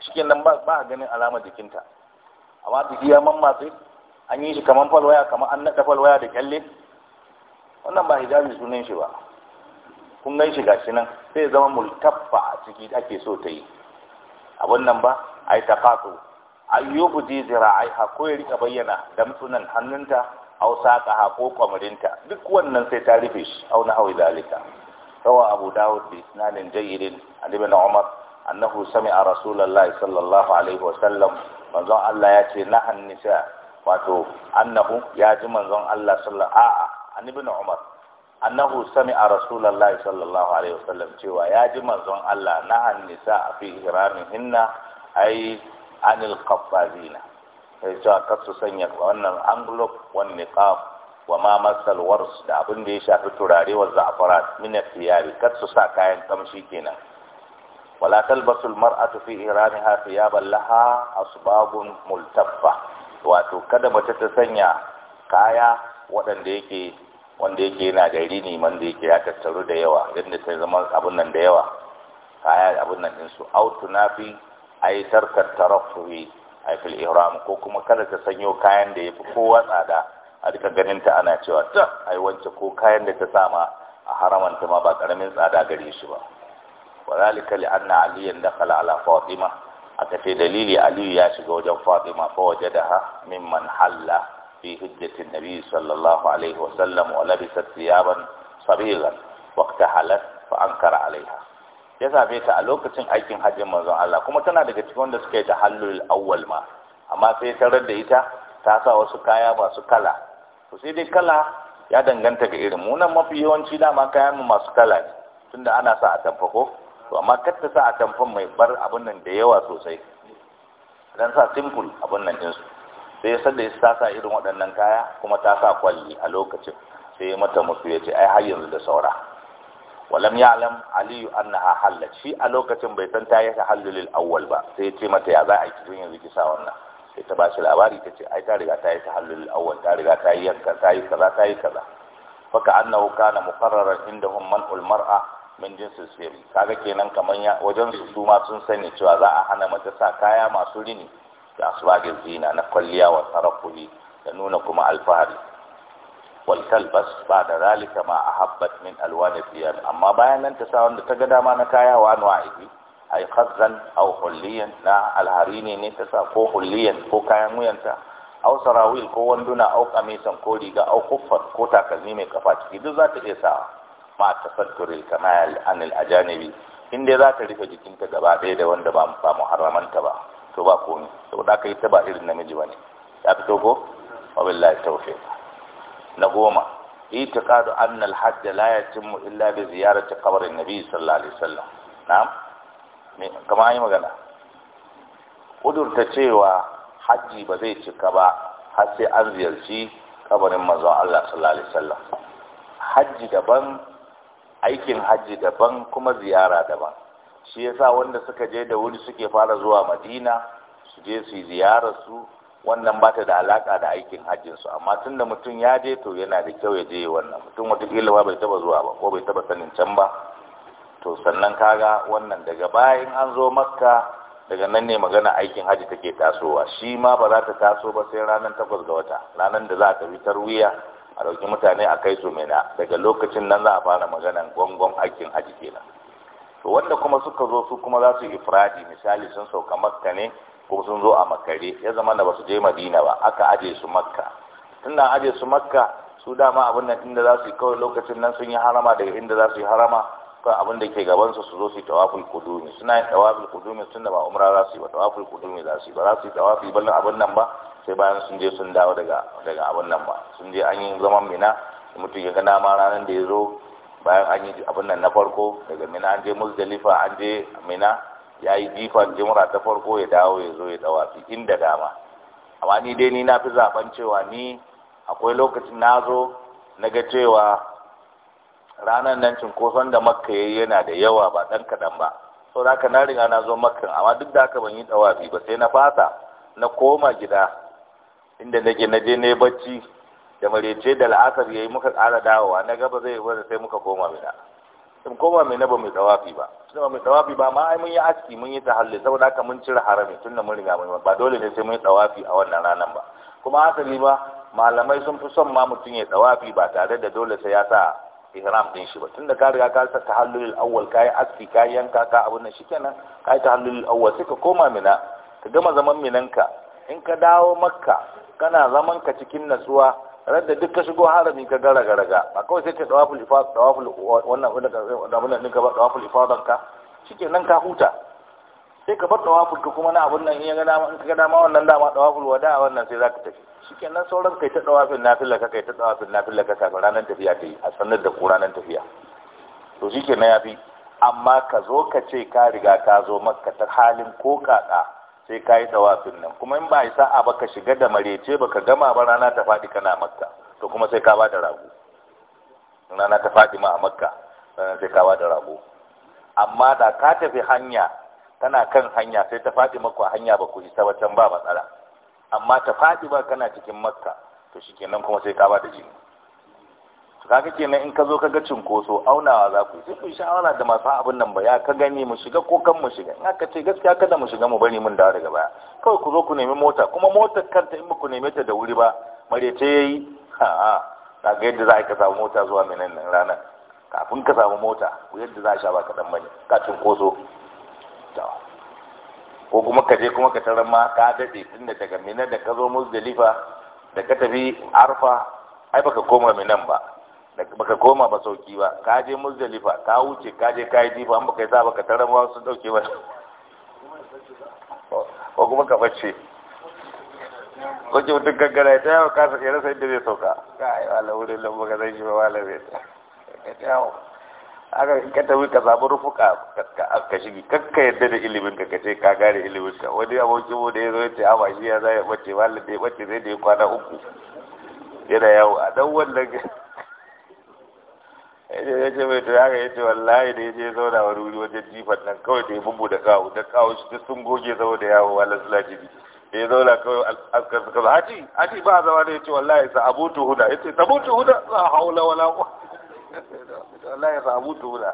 cikin nan ba a ganin alamar jikinta amma iya man masu an yi shi kamar falwaya kamar an naɗa falwaya da kyalle wannan ba hijabi sunan shi ba kun gan shi shi nan sai zama multaffa a ciki ake so ta yi abin nan ba a yi taƙaƙo ayyubu ji zira'ai ha ko ya rika bayyana damtsunan hannunta aw saqaha ko kwamarinta duk wannan sai ta rufe shi aw na hawi zalika rawa abu dawud bi isnadin jayyidin an ibn umar annahu sami'a rasulullahi sallallahu alaihi wasallam Allah ya ce nahan nisa wato annahu ya ji manzon Allah sallallahu a'a an ibn umar annahu sami'a rasulullahi sallallahu alaihi cewa ya ji manzon Allah nahan nisa fi hiramihinna ay anil qaffazina sai cewa kar su sanya wannan envelope wani niqab wa ma masal wars da abin da ya shafi turare wa za'farat min al-thiyari kar su sa kayan kamshi kenan wala talbasu al-mar'atu fi ihramiha thiyaban laha asbabun multaffa wato kada mace ta sanya kaya wadanda yake wanda yake yana da rini da yake ya tattaru da yawa yadda ta zama abun nan da yawa kaya abun nan din su autunafi tunafi ay ai fil ihram ko kuma kada ta sanyo kayan da ya fi kowa tsada a duka ganin ta ana cewa ta ai ko kayan da ta sama a haraman ta ma ba karamin tsada gare shi ba wadhalika li anna aliyan dakhala ala fatima aka ce dalili aliyu ya shiga wajen fatima fa wajadaha mimman halla fi hujjatin nabi sallallahu alaihi wa sallam wa labisat thiyaban sabiran waqta halat fa ankara alaiha ya same ta a lokacin aikin hajjin manzon Allah kuma tana daga cikin wanda suka yi ta hallul awwal ma amma sai ta da ita ta sa wasu kaya masu kala to sai dai kala ya danganta ga irin munan mafi yawanci dama kayan mu masu kala ne tunda ana sa a tamfa ko to amma kar ta sa a tamfan mai bar abun nan da yawa sosai dan sa simple abun nan din su sai sai da ta sa irin waɗannan kaya kuma ta sa kwalli a lokacin sai mata musu yace ai har yanzu da saura walam ya'lam aliyu annaha hallat shi a lokacin bai san ta yi tahallulil awwal ba sai ya ce mata ya za a yi tun yanzu ki sa wannan sai ta bashi labari ta ce ai ta riga ta yi tahallulil awwal ta riga ta yi yanka ta yi kaza ta yi kaza faka annahu kana muqarraran indahum man'ul mar'a min jinsin sirri kaga kenan kamar ya wajen su su ma sun sani cewa za a hana mace sa kaya masu rini da asbagin zina na kwalliya wa tarakuli da nuna kuma alfahari wal ba da zalika ma habbat min alwan biyar. amma bayan nan ta sa wanda ta ga dama na kaya wa anwa'i ay khazan aw hulliyan na alharini ne ta sa ko hulliyan ko kayan wuyanta Au sarawil ko wanduna aw kamisan ko riga aw kuffar ko takalmi mai kafa ciki duk za ta iya sa ma tafatturil kamal anil ajanibi inda za ta rufe jikinta gaba ɗaya da wanda ba mu haramanta ba to ba komai saboda aka yi ta ba irin namiji ne. ya fito ko wabillahi tawfiq na goma ita kadu al-hajj la yatimmu illa bi ziyarati qabr nabi sallallahu alaihi wasallam na'am me kamar ayi magana kudurta cewa hajji ba zai cika ba har sai an ziyarci kabarin manzon Allah sallallahu alaihi wasallam hajji daban aikin hajji daban kuma ziyara daban shi yasa wanda suka je da wuri suke fara zuwa Madina su je su yi su wannan ba ta da alaka da aikin hajjin su amma tun da mutum ya je to yana da kyau ya je wannan mutum watakila ba bai taba zuwa ba ko bai taba sanin can ba to sannan kaga wannan daga bayan an zo makka daga nan ne magana aikin hajji take tasowa shi ma ba za ta taso ba sai ranar takwas ga wata ranar da za a tafi tarwiya a ɗauki mutane a kai su mena daga lokacin nan za a fara magana gwangwan aikin hajji kenan to wanda kuma suka zo su kuma za su yi ifradi misali sun sauka makka ne kuma sun zo a makare ya zama da basu je madina ba aka aje su makka tunda aje su makka su dama abin nan inda za su yi kawai lokacin nan sun yi harama daga inda za su yi harama kawai abin da ke gaban su su zo su yi tawafin qudumi suna yin kudumi tun da ba umra za su yi ba tawafin kudumi za su yi ba za su yi tawafi ballan abin nan ba sai bayan sun je sun dawo daga daga abin nan ba sun je an yi zaman mina mutum ya ga ma ranar da ya zo bayan an yi abin nan na farko daga mina an je muzdalifa an je mina ya yi jifan jimura ta farko ya dawo ya zo ya dawafi inda dama amma ni dai ni na fi zaben cewa ni akwai lokacin na zo na ga cewa ranar nan cinkoson da makka ya yana da yawa ba ɗan kaɗan ba sau da na riga na zo makka amma duk da haka ban yi dawafi ba sai na fasa na koma gida inda nake na je ne bacci da marece da la'asar ya yi muka ƙara dawowa na gaba zai yi wanda sai muka koma gida in koma mai naba mai tsawafi ba ba mai tsawafi ba ma ai mun yi aski mun yi tahalli saboda haka mun cire harami tunda mun riga mun ba dole ne sai mun yi tsawafi a wannan ranar ba kuma asali ba malamai sun fi son ma mutum ya tsawafi ba tare da dole sai ya sa ihram din shi ba tunda ka riga ka sa tahallul awwal kai aski kai yanka ka abun nan shikenan kai tahallul awwal sai ka koma mina ka gama zaman minanka in ka dawo makka kana zaman ka cikin natsuwa radda duk ka shigo harami ka gara gara ga ba kawai sai ka dawaful ifad dawaful wannan wannan din ka ba dawaful ifadan ka nan ka huta sai ka bar dawaful ka kuma na abun nan in ya ga dama in ka ga dama wannan dama dawaful wada wannan sai zaka tafi Shike nan sauran kai ta dawafin nafila ka kai ta dawafin nafila ka kafin ranar tafiya ta yi a sanar da ku ranar tafiya to shikenan ya fi amma ka zo ka ce ka riga ka zo makka ta halin ko kaka sai ka yi tawafin nan kuma in ba yi sa'a ba ka shiga da marece ba ka gama ba rana ta faɗi kana makka to kuma sai ka ba da rago rana ta faɗi ma a makka rana sai ka ba da rago amma da ka tafi hanya tana kan hanya sai ta faɗi a hanya ba ku isa ba can ba matsala amma ta faɗi ba kana cikin makka to shikenan kuma sai ka ba da jini kaga kenan in ka zo ka ga cinkoso aunawa za ku sai ku shawara da masu abin nan ba ya ka gani mu shiga ko kan mu shiga in aka ce gaskiya kada mu shiga mu bari mun dawo daga baya kawai ku zo ku nemi mota kuma motar kanta in ba ku neme ta da wuri ba marece ya yi ha kaga yadda za a ka samu mota zuwa minan nan ranar kafin ka samu mota ku yadda za a sha ba kaɗan bane ka cinkoso ko kuma ka je kuma ka tarar ma ka daɗe tunda daga mina da ka zo musdalifa da ka tafi arfa ai baka koma minan ba baka koma ba sauki ba ka je muzdalifa ka wuce ka je kai jifa an baka yi za baka tarar ba sun dauke ba ko kuma ka bace ko ce mutum gaggara ya tayawa ka sa rasa inda zai sauka ka yi wala wurin lamba ka zai shi ba wala zai ka tayawa aka ka tafi ka samu rufuka ka shigi kakka yadda da ilimin ka kace ka gare ilimin ka wani abokin mu da ya zo ya ce amma shi ya zai bace wala bace zai da ya kwana uku yana yawo a dan wannan ya ce mai to ya ce wallahi da ya yace zauna wa ruri wajen jifan nan kawai da ya bubu da kawo da kawo shi duk sun goge da yawo wa lasla jibi da ya zauna kawai askar suka zo haji haji ba zama da ya ce wallahi sa abu abutu huda yace sabutu za a haula wala quwwata wallahi sa abu huda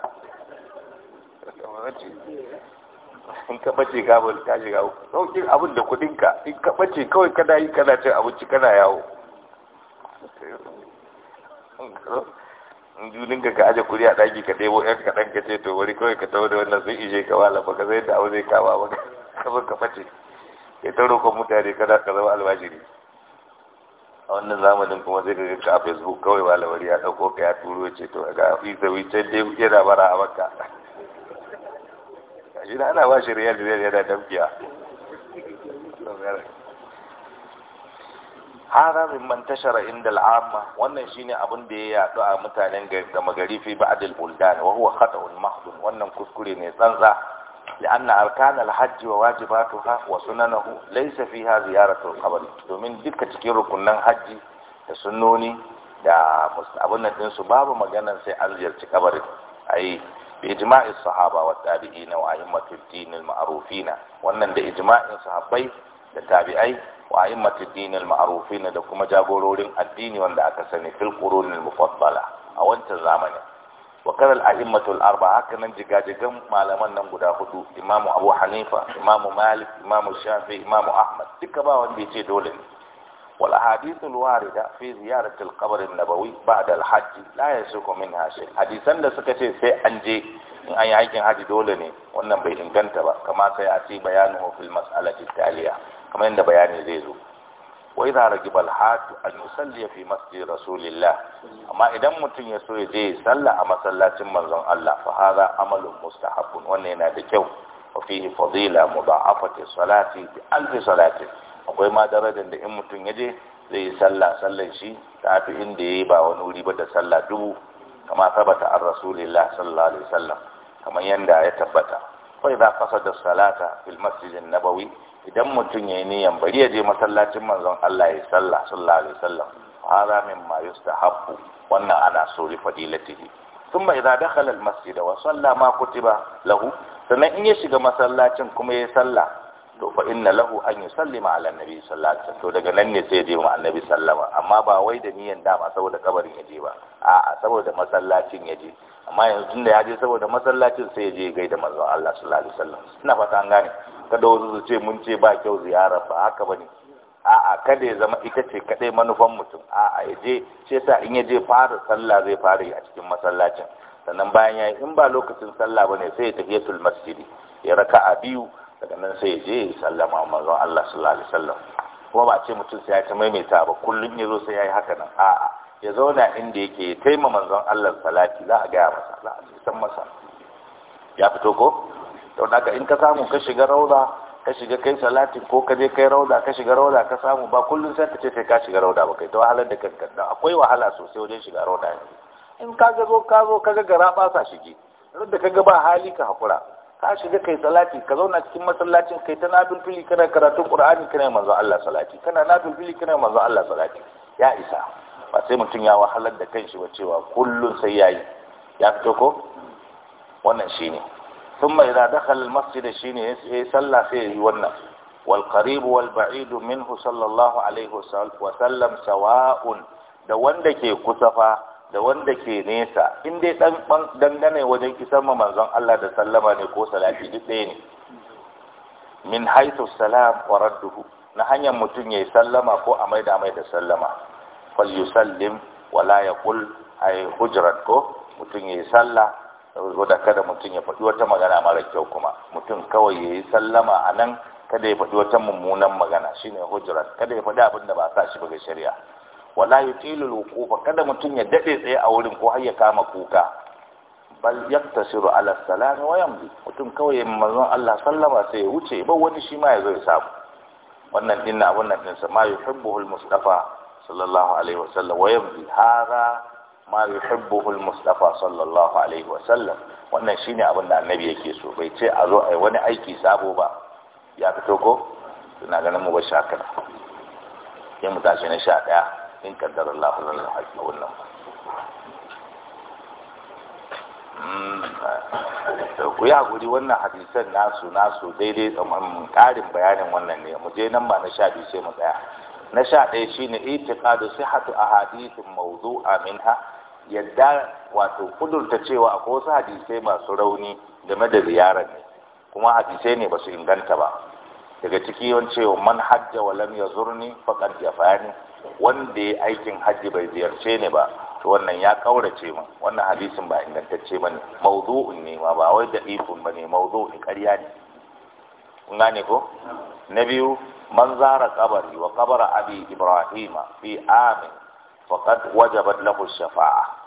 in ka bace ka bar ka shiga uku saukin abin da kudin ka in ka bace kawai kana yi kana cin abinci kana yawo in junin ka aje kuri a ɗaki ka ɗebo ƴan kaɗan ka ce to wani kawai ka tawo da wannan sun ishe ka wala ka zai da aure kama ba ka zo ka face ya ta roƙon mutane kada ka zama albashiri a wannan zamanin kuma zai ka ka a facebook kawai lamari ya ɗauko ka ya turo ce to ga fi sabi can dai yana bara a makka shi na ana ba shi riyal riyal yana damkiya hada man tashara inda al'amma wannan shine abin da ya yadu a mutanen gama gari fi ba'd al-buldan wa huwa khata'un mahdun wannan kuskure ne tsantsa لأن أركان الحج wa وسننه ليس فيها زيارة القبر domin duka cikin rukunan hajji da sunnoni da abun nan din su babu maganar sai an ziyarci kabarin ai bi ijma'is sahaba wa tabi'ina wa a'immatul din al-ma'rufina wannan da ijma'in sahabbai da tabi'ai wa a'immatu dinil ma'rufin da kuma jagororin addini wanda aka sani fil qurunil mufaddala a wancan zamanin wa kana al a'immatu al arba haka nan jigajigan malaman nan guda hudu imamu abu hanifa imamu malik imamu shafi imamu ahmad duka ba wanda yace dole ne wal ahadith al warida fi ziyarat al qabr an nabawi ba'da al hajj la yasuku minha shay hadisan da suka ce sai an je in an yi aikin haji dole ne wannan bai inganta ba kamar sai a ci bayanu fil mas'alati taliya kamar yadda bayani zai zo wai idza ragi al-hajj an fi masjid rasulillah amma idan mutum ya so ya je sallah a masallacin manzon Allah fa hadha amalun mustahabun wannan yana da kyau wa fihi fadila mudha'afati salati bi alf salati akwai ma darajar da in mutum ya je zai yi sallah sallan shi ta fi inda yayi ba wani wuri ba da sallah dubu kama sabata an rasulillah sallallahu alaihi wasallam kamar yanda ya tabbata za idza qasada salata fil masjidin nabawi idan mutum ya yi niyan bari ya je masallacin manzon Allah ya salla sallallahu alaihi wasallam hada ma yustahabbu wannan ana so ri fadilatihi thumma idza dakhala al masjid wa salla ma kutiba lahu sannan in ya shiga masallacin kuma ya sallah to fa inna lahu an yusallima ala nabi sallallahu alaihi wasallam to daga nan ne sai ya je ma annabi sallama amma ba wai da niyan dama saboda kabarin ya je ba a'a saboda masallacin ya je amma yanzu tunda ya je saboda masallacin sai ya je gaida manzon Allah sallallahu alaihi wasallam ina fata an gane kada wasu su ce mun ce ba kyau ziyara ba haka bane a'a kada ya zama ita ce kaɗai manufan mutum a'a ya je shi yasa in ya je fara sallah zai fara a cikin masallacin sannan bayan yayi in ba lokacin sallah bane sai ya tafi sul masjidi ya raka'a biyu daga nan sai ya je ya sallama manzon Allah sallallahu alaihi wasallam kuma ba ce mutum sai ya ta maimaita ba kullun ya zo sai ya haka nan a'a ya zauna inda yake ya taima manzon Allah salati za a gaya masa za a san masa ya fito ko to haka in ka samu ka shiga rauda ka shiga kai salatin ko ka je kai rauda ka shiga rauda ka samu ba kullum sai ka ce sai ka shiga rauda ba kai ta wahalar da kanka dan akwai wahala sosai wajen shiga rauda yanzu in ka ga zo ka zo ka ga gara ba sa shige da ka ga ba hali ka hakura ka shiga kai salati ka zauna cikin masallacin kai ta nafil fili kana karatun qur'ani kana manzo Allah salati kana nafil fili kana manzo Allah salati ya isa ba sai mutum ya wahalar da kanshi ba cewa kullun sai yayi ya fito ko wannan shine ثم إذا دخل المسجد شيني صلى فيه ونا والقريب والبعيد منه صلى الله عليه وسلم سواء da wanda ke kusafa da wanda ke nesa in dai dan dangane wajen kisan manzon Allah da sallama ne ko salati duk ɗaya ne min haythu salam wa radduhu na hanyar mutum yayi sallama ko a maida mai da sallama fal yusallim wa la yaqul ay hujrat ko mutum yayi sallah saboda kada mutum ya faɗi wata magana mara kyau kuma mutum kawai ya yi sallama a nan kada ya faɗi wata mummunan magana shine hujrat kada ya faɗi abin da ba sa shi ba ga shari'a wala yutilu alwuqufa kada mutum ya dade tsaye a wurin ko har ya kama kuka bal yaktasiru ala salami wa yamdi mutum kawai ya manzon Allah sallama sai ya wuce ba wani shi ma ya zo ya samu wannan dinna wannan din sa ma yuhibbuhu mustafa sallallahu alaihi wasallam wa yamdi hada ma yuhibbuhu al-mustafa sallallahu alaihi wa sallam, wannan shine abin da annabi yake so bai ce a zo ai wani aiki sabo ba ya fito ko ina ganin mu ba shaka sai mu tashi na sha daya in kaddara Allah lana hakka wannan hmm. ku ya guri wannan hadisan nasu nasu daidai tsammanin karin bayanin wannan ne mu je nan ba na sha biyu sai mu tsaya na sha ɗaya shine itiqadu sihhatu ahadithin mawdu'a minha yadda wato kudurta cewa akwai wasu hadisai masu rauni game da ziyarar ne kuma hadisai ne ba su inganta ba daga ciki yawan cewa man hajja wa lam yazurni faqad jafani wanda ya aikin hajji bai ziyarce ne ba to wannan ya kaurace mu wannan hadisin ba ingantacce ba ne mawdu'un ne ma ba wai da ifun ba ne mawdu'un ƙarya ne kun gane ko na biyu man zara kabari wa kabara abi ibrahima fi amin faqad wajabat lahu shafa'a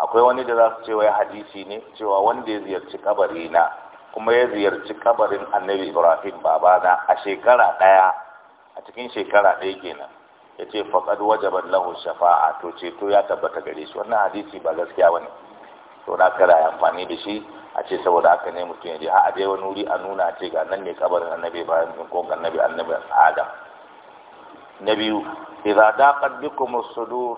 akwai wani da za su ce wai hadisi ne cewa wanda ya ziyarci kabari na kuma ya ziyarci kabarin annabi ibrahim babana a shekara daya a cikin shekara daya kenan ya ce faƙad wajaban lahu shafa'a to ceto ya tabbata gare shi wannan hadisi ba gaskiya ba ne to da aka raya amfani da shi a ce saboda haka ne mutum ya ji a dai wani wuri a nuna a ce ga nan ne kabarin annabi ibrahim ko annabi annabi adam na biyu Iza da bikum sudur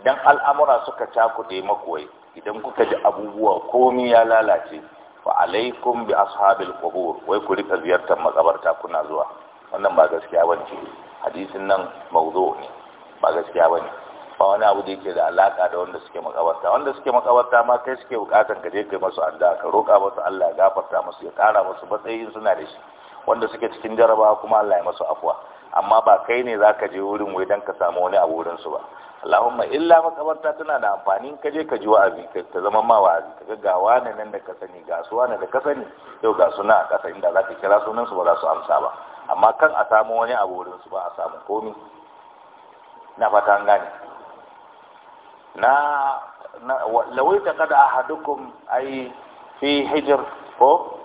idan al'amura suka cakuɗe makuwai idan kuka ji abubuwa komi ya lalace fa alaikun bi ashabil qubur wai ku rika ziyartar matsabarta kuna zuwa wannan ba gaskiya ne, hadisin nan mawuzo ne ba gaskiya ne. ba wani abu da yake da alaka da wanda suke makabarta wanda suke matsabarta ma kai suke bukatan ka je kai masu addu'a ka roƙa masu Allah ya gafarta masu, ya ƙara masu matsayin suna da shi wanda suke cikin jarabawa kuma Allah ya masu afuwa amma ba kai ne zaka je wurin wai dan ka samu wani abu wurin su ba Allahumma illa makabarta tana da amfani ka je ka ji wa'azi ka ta zama ma wa'azi ka ga ne nan da ka sani ga su wani da ka sani yau ga suna a ƙasa inda zaka kira sunan su ba za su amsa ba amma kan a samu wani abu wurin su ba a samu komi na fata an gane na lawaita kada ahadukum ai fi hijr ko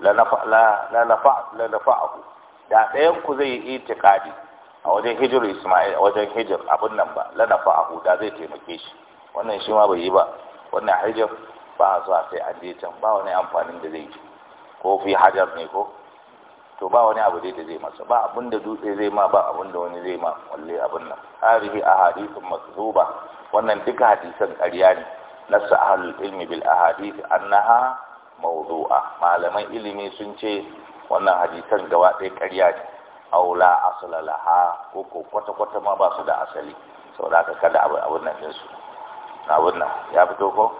la nafa la la nafa la nafa'ahu da ɗayan ku zai yi itikadi a wajen hijir isma'il a wajen hijir abin nan ba lanafa a huda zai taimake shi wannan shi ma bai yi ba wannan hijir ba a zuwa sai an can ba wani amfanin da zai yi ko fi hajar ne ko to ba wani abu da zai masa ba abin da dutse zai ma ba abin da wani zai ma walle abin nan harihi a hadisin makzuba wannan duka hadisan ƙarya ne nasu ahlul ilmi bil ahadith annaha mawdu'a malaman ilimi sun ce wannan hadisan gaba ɗaya ƙarya ne aula asala laha ko ko kwata kwata ma ba su da asali sau da haka kada abin abin nan din su abin nan ya fito ko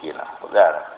kenan ku tsaya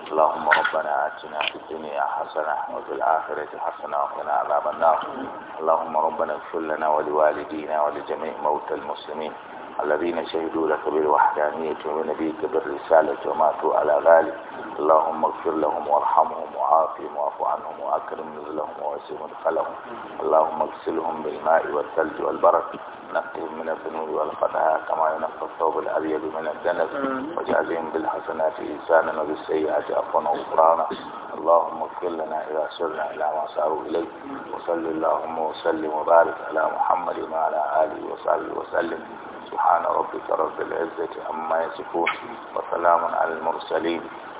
اللهم ربنا آتنا في الدنيا حسنة وفي الآخرة حسنة وقنا عذاب النار اللهم ربنا اغفر لنا ولوالدينا ولجميع موتى المسلمين الذين شهدوا لك بالوحدانية ونبيك بالرسالة وماتوا على ذلك اللهم اغفر لهم وارحمهم وعافهم واعف عنهم واكرم نزلهم ووسع مدخلهم اللهم اغسلهم بالماء والثلج والبرد نقهم من الذنوب والخطايا كما ينقى الثوب الابيض من الدنس وجازهم بالحسنات انسانا وبالسيئات عفوا وغفرانا اللهم اغفر لنا اذا سرنا الى ما ساروا اليه وصل اللهم وسلم وبارك على محمد وعلى اله وصحبه وسلم سبحان ربك رب العزه عما يصفون وسلام على المرسلين